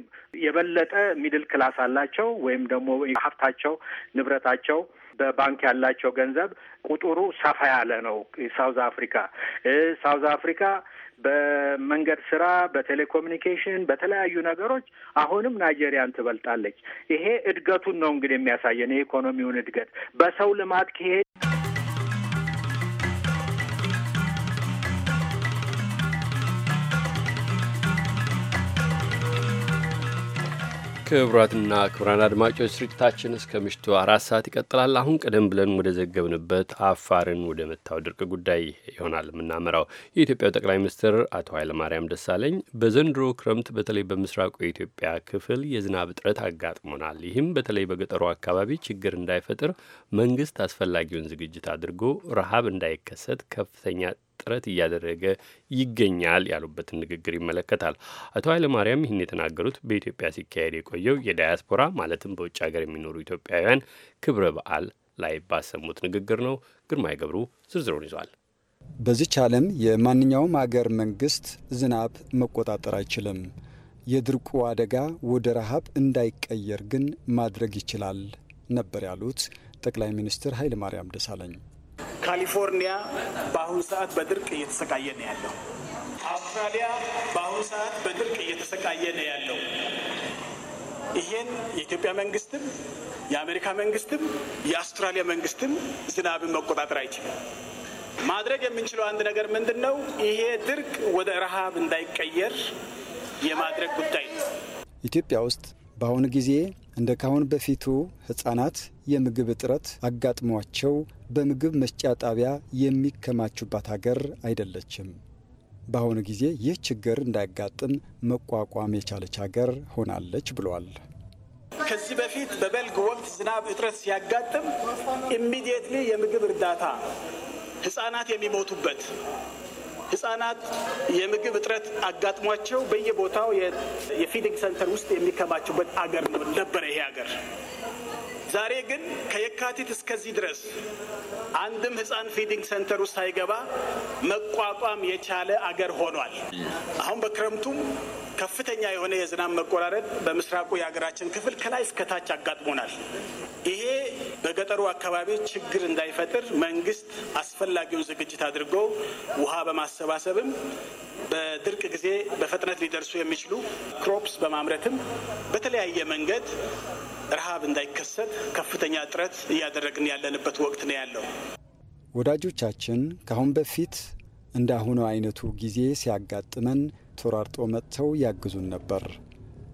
የበለጠ ሚድል ክላስ አላቸው ወይም ደግሞ ሀብታቸው ንብረታቸው በባንክ ያላቸው ገንዘብ ቁጥሩ ሰፋ ያለ ነው። ሳውዝ አፍሪካ ሳውዝ አፍሪካ በመንገድ ስራ፣ በቴሌኮሚኒኬሽን፣ በተለያዩ ነገሮች አሁንም ናይጄሪያን ትበልጣለች። ይሄ እድገቱን ነው እንግዲህ የሚያሳየን የኢኮኖሚውን እድገት። በሰው ልማት ከሄድ ክቡራትና ክቡራን አድማጮች ስርጭታችን እስከ ምሽቱ አራት ሰዓት ይቀጥላል። አሁን ቀደም ብለን ወደ ዘገብንበት አፋርን ወደ መታው ድርቅ ጉዳይ ይሆናል የምናመራው። የኢትዮጵያው ጠቅላይ ሚኒስትር አቶ ኃይለማርያም ደሳለኝ በዘንድሮ ክረምት በተለይ በምስራቁ የኢትዮጵያ ክፍል የዝናብ እጥረት አጋጥሞናል፣ ይህም በተለይ በገጠሩ አካባቢ ችግር እንዳይፈጥር መንግስት አስፈላጊውን ዝግጅት አድርጎ ረሃብ እንዳይከሰት ከፍተኛ ጥረት እያደረገ ይገኛል ያሉበትን ንግግር ይመለከታል። አቶ ኃይለማርያም ይህን የተናገሩት በኢትዮጵያ ሲካሄድ የቆየው የዳያስፖራ ማለትም በውጭ ሀገር የሚኖሩ ኢትዮጵያውያን ክብረ በዓል ላይ ባሰሙት ንግግር ነው። ግርማይ ገብሩ ዝርዝሩን ይዟል። በዚች ዓለም የማንኛውም አገር መንግስት ዝናብ መቆጣጠር አይችልም። የድርቁ አደጋ ወደ ረሃብ እንዳይቀየር ግን ማድረግ ይችላል ነበር ያሉት ጠቅላይ ሚኒስትር ኃይለማርያም ደሳለኝ። ካሊፎርኒያ በአሁኑ ሰዓት በድርቅ እየተሰቃየ ነው ያለው። አውስትራሊያ በአሁኑ ሰዓት በድርቅ እየተሰቃየ ነው ያለው። ይሄን የኢትዮጵያ መንግስትም የአሜሪካ መንግስትም የአውስትራሊያ መንግስትም ዝናብን መቆጣጠር አይችልም። ማድረግ የምንችለው አንድ ነገር ምንድን ነው? ይሄ ድርቅ ወደ ረሃብ እንዳይቀየር የማድረግ ጉዳይ ነው። ኢትዮጵያ ውስጥ በአሁኑ ጊዜ እንደ ካሁን በፊቱ ህጻናት የምግብ እጥረት አጋጥሟቸው በምግብ መስጫ ጣቢያ የሚከማቹባት ሀገር አይደለችም። በአሁኑ ጊዜ ይህ ችግር እንዳያጋጥም መቋቋም የቻለች ሀገር ሆናለች ብሏል። ከዚህ በፊት በበልግ ወቅት ዝናብ እጥረት ሲያጋጥም ኢሚዲየትሊ የምግብ እርዳታ ህጻናት የሚሞቱበት ህጻናት የምግብ እጥረት አጋጥሟቸው በየቦታው የፊዲንግ ሰንተር ውስጥ የሚከማቹበት አገር ነበረ ይሄ አገር። ዛሬ ግን ከየካቲት እስከዚህ ድረስ አንድም ህፃን ፊዲንግ ሴንተር ውስጥ ሳይገባ መቋቋም የቻለ አገር ሆኗል። አሁን በክረምቱም ከፍተኛ የሆነ የዝናብ መቆራረጥ በምስራቁ የሀገራችን ክፍል ከላይ እስከታች አጋጥሞናል። ይሄ በገጠሩ አካባቢ ችግር እንዳይፈጥር መንግስት አስፈላጊውን ዝግጅት አድርጎ ውሃ በማሰባሰብም በድርቅ ጊዜ በፍጥነት ሊደርሱ የሚችሉ ክሮፕስ በማምረትም በተለያየ መንገድ ረሃብ እንዳይከሰት ከፍተኛ ጥረት እያደረግን ያለንበት ወቅት ነው ያለው። ወዳጆቻችን ከአሁን በፊት እንደ አሁኑ አይነቱ ጊዜ ሲያጋጥመን ተሯርጦ መጥተው ያግዙን ነበር።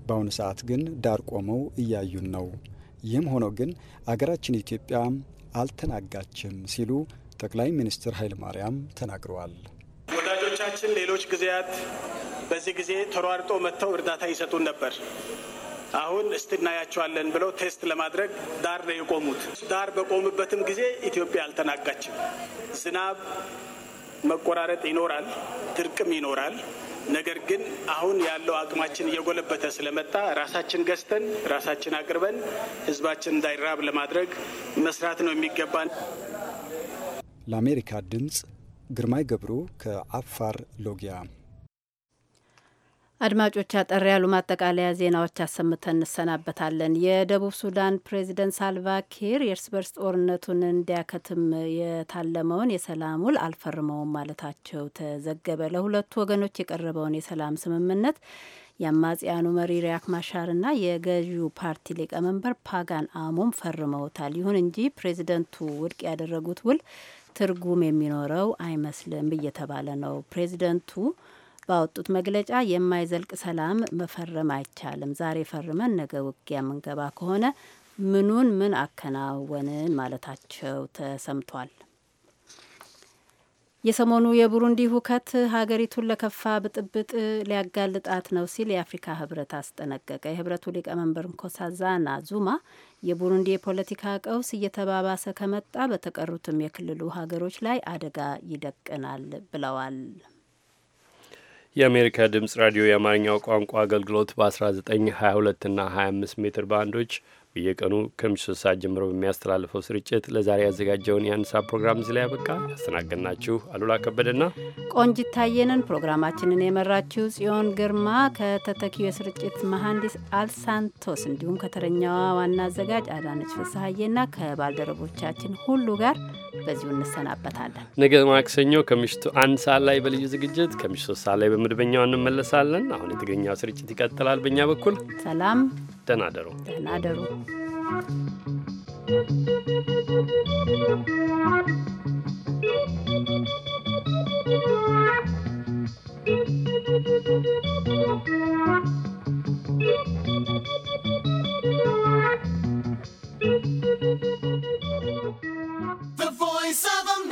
በአሁኑ ሰዓት ግን ዳር ቆመው እያዩን ነው። ይህም ሆኖ ግን አገራችን ኢትዮጵያ አልተናጋችም ሲሉ ጠቅላይ ሚኒስትር ኃይለማርያም ተናግረዋል። ወዳጆቻችን ሌሎች ጊዜያት በዚህ ጊዜ ተሯርጦ መጥተው እርዳታ ይሰጡን ነበር። አሁን እስትናያቸዋለን ብለው ቴስት ለማድረግ ዳር ነው የቆሙት። ዳር በቆሙበትም ጊዜ ኢትዮጵያ አልተናጋችም። ዝናብ መቆራረጥ ይኖራል፣ ድርቅም ይኖራል። ነገር ግን አሁን ያለው አቅማችን እየጎለበተ ስለመጣ ራሳችን ገዝተን ራሳችን አቅርበን ህዝባችን እንዳይራብ ለማድረግ መስራት ነው የሚገባን። ለአሜሪካ ድምፅ ግርማይ ገብሩ ከአፋር ሎጊያ አድማጮች አጠር ያሉ ማጠቃለያ ዜናዎች አሰምተን እንሰናበታለን። የደቡብ ሱዳን ፕሬዚደንት ሳልቫ ኪር የእርስ በርስ ጦርነቱን እንዲያከትም የታለመውን የሰላም ውል አልፈርመውም ማለታቸው ተዘገበ። ለሁለቱ ወገኖች የቀረበውን የሰላም ስምምነት የአማጽያኑ መሪ ሪያክ ማሻርና የገዢው ፓርቲ ሊቀመንበር ፓጋን አሞም ፈርመውታል። ይሁን እንጂ ፕሬዚደንቱ ውድቅ ያደረጉት ውል ትርጉም የሚኖረው አይመስልም እየተባለ ነው። ፕሬዚደንቱ ባወጡት መግለጫ የማይዘልቅ ሰላም መፈረም አይቻልም። ዛሬ ፈርመን ነገ ውጊያ ምንገባ ከሆነ ምኑን ምን አከናወንን ማለታቸው ተሰምቷል። የሰሞኑ የቡሩንዲ ሁከት ሀገሪቱን ለከፋ ብጥብጥ ሊያጋልጣት ነው ሲል የአፍሪካ ህብረት አስጠነቀቀ። የህብረቱ ሊቀመንበር ንኮሳዛና ዙማ የቡሩንዲ የፖለቲካ ቀውስ እየተባባሰ ከመጣ በተቀሩትም የክልሉ ሀገሮች ላይ አደጋ ይደቅናል ብለዋል። የአሜሪካ ድምፅ ራዲዮ የአማርኛው ቋንቋ አገልግሎት በ1922 እና 25 ሜትር ባንዶች በየቀኑ ከምሽቱ ሶስት ሰዓት ጀምሮ በሚያስተላልፈው ስርጭት ለዛሬ ያዘጋጀውን የአንሳ ፕሮግራም እዚህ ላይ ያበቃ። ያስተናገድናችሁ አሉላ ከበደና ቆንጂት ታየንን፣ ፕሮግራማችንን የመራችው ጽዮን ግርማ ከተተኪው የስርጭት መሐንዲስ አልሳንቶስ እንዲሁም ከተረኛዋ ዋና አዘጋጅ አዳነች ፍስሀዬና ከባልደረቦቻችን ሁሉ ጋር በዚሁ እንሰናበታለን። ነገ ማክሰኞ ከምሽቱ አንድ ሰዓት ላይ በልዩ ዝግጅት ከምሽቱ ሶስት ሰዓት ላይ በመደበኛው እንመለሳለን። አሁን የትግርኛው ስርጭት ይቀጥላል። በእኛ በኩል ሰላም ደህና ደሩ። ደህና ደሩ። The voice of a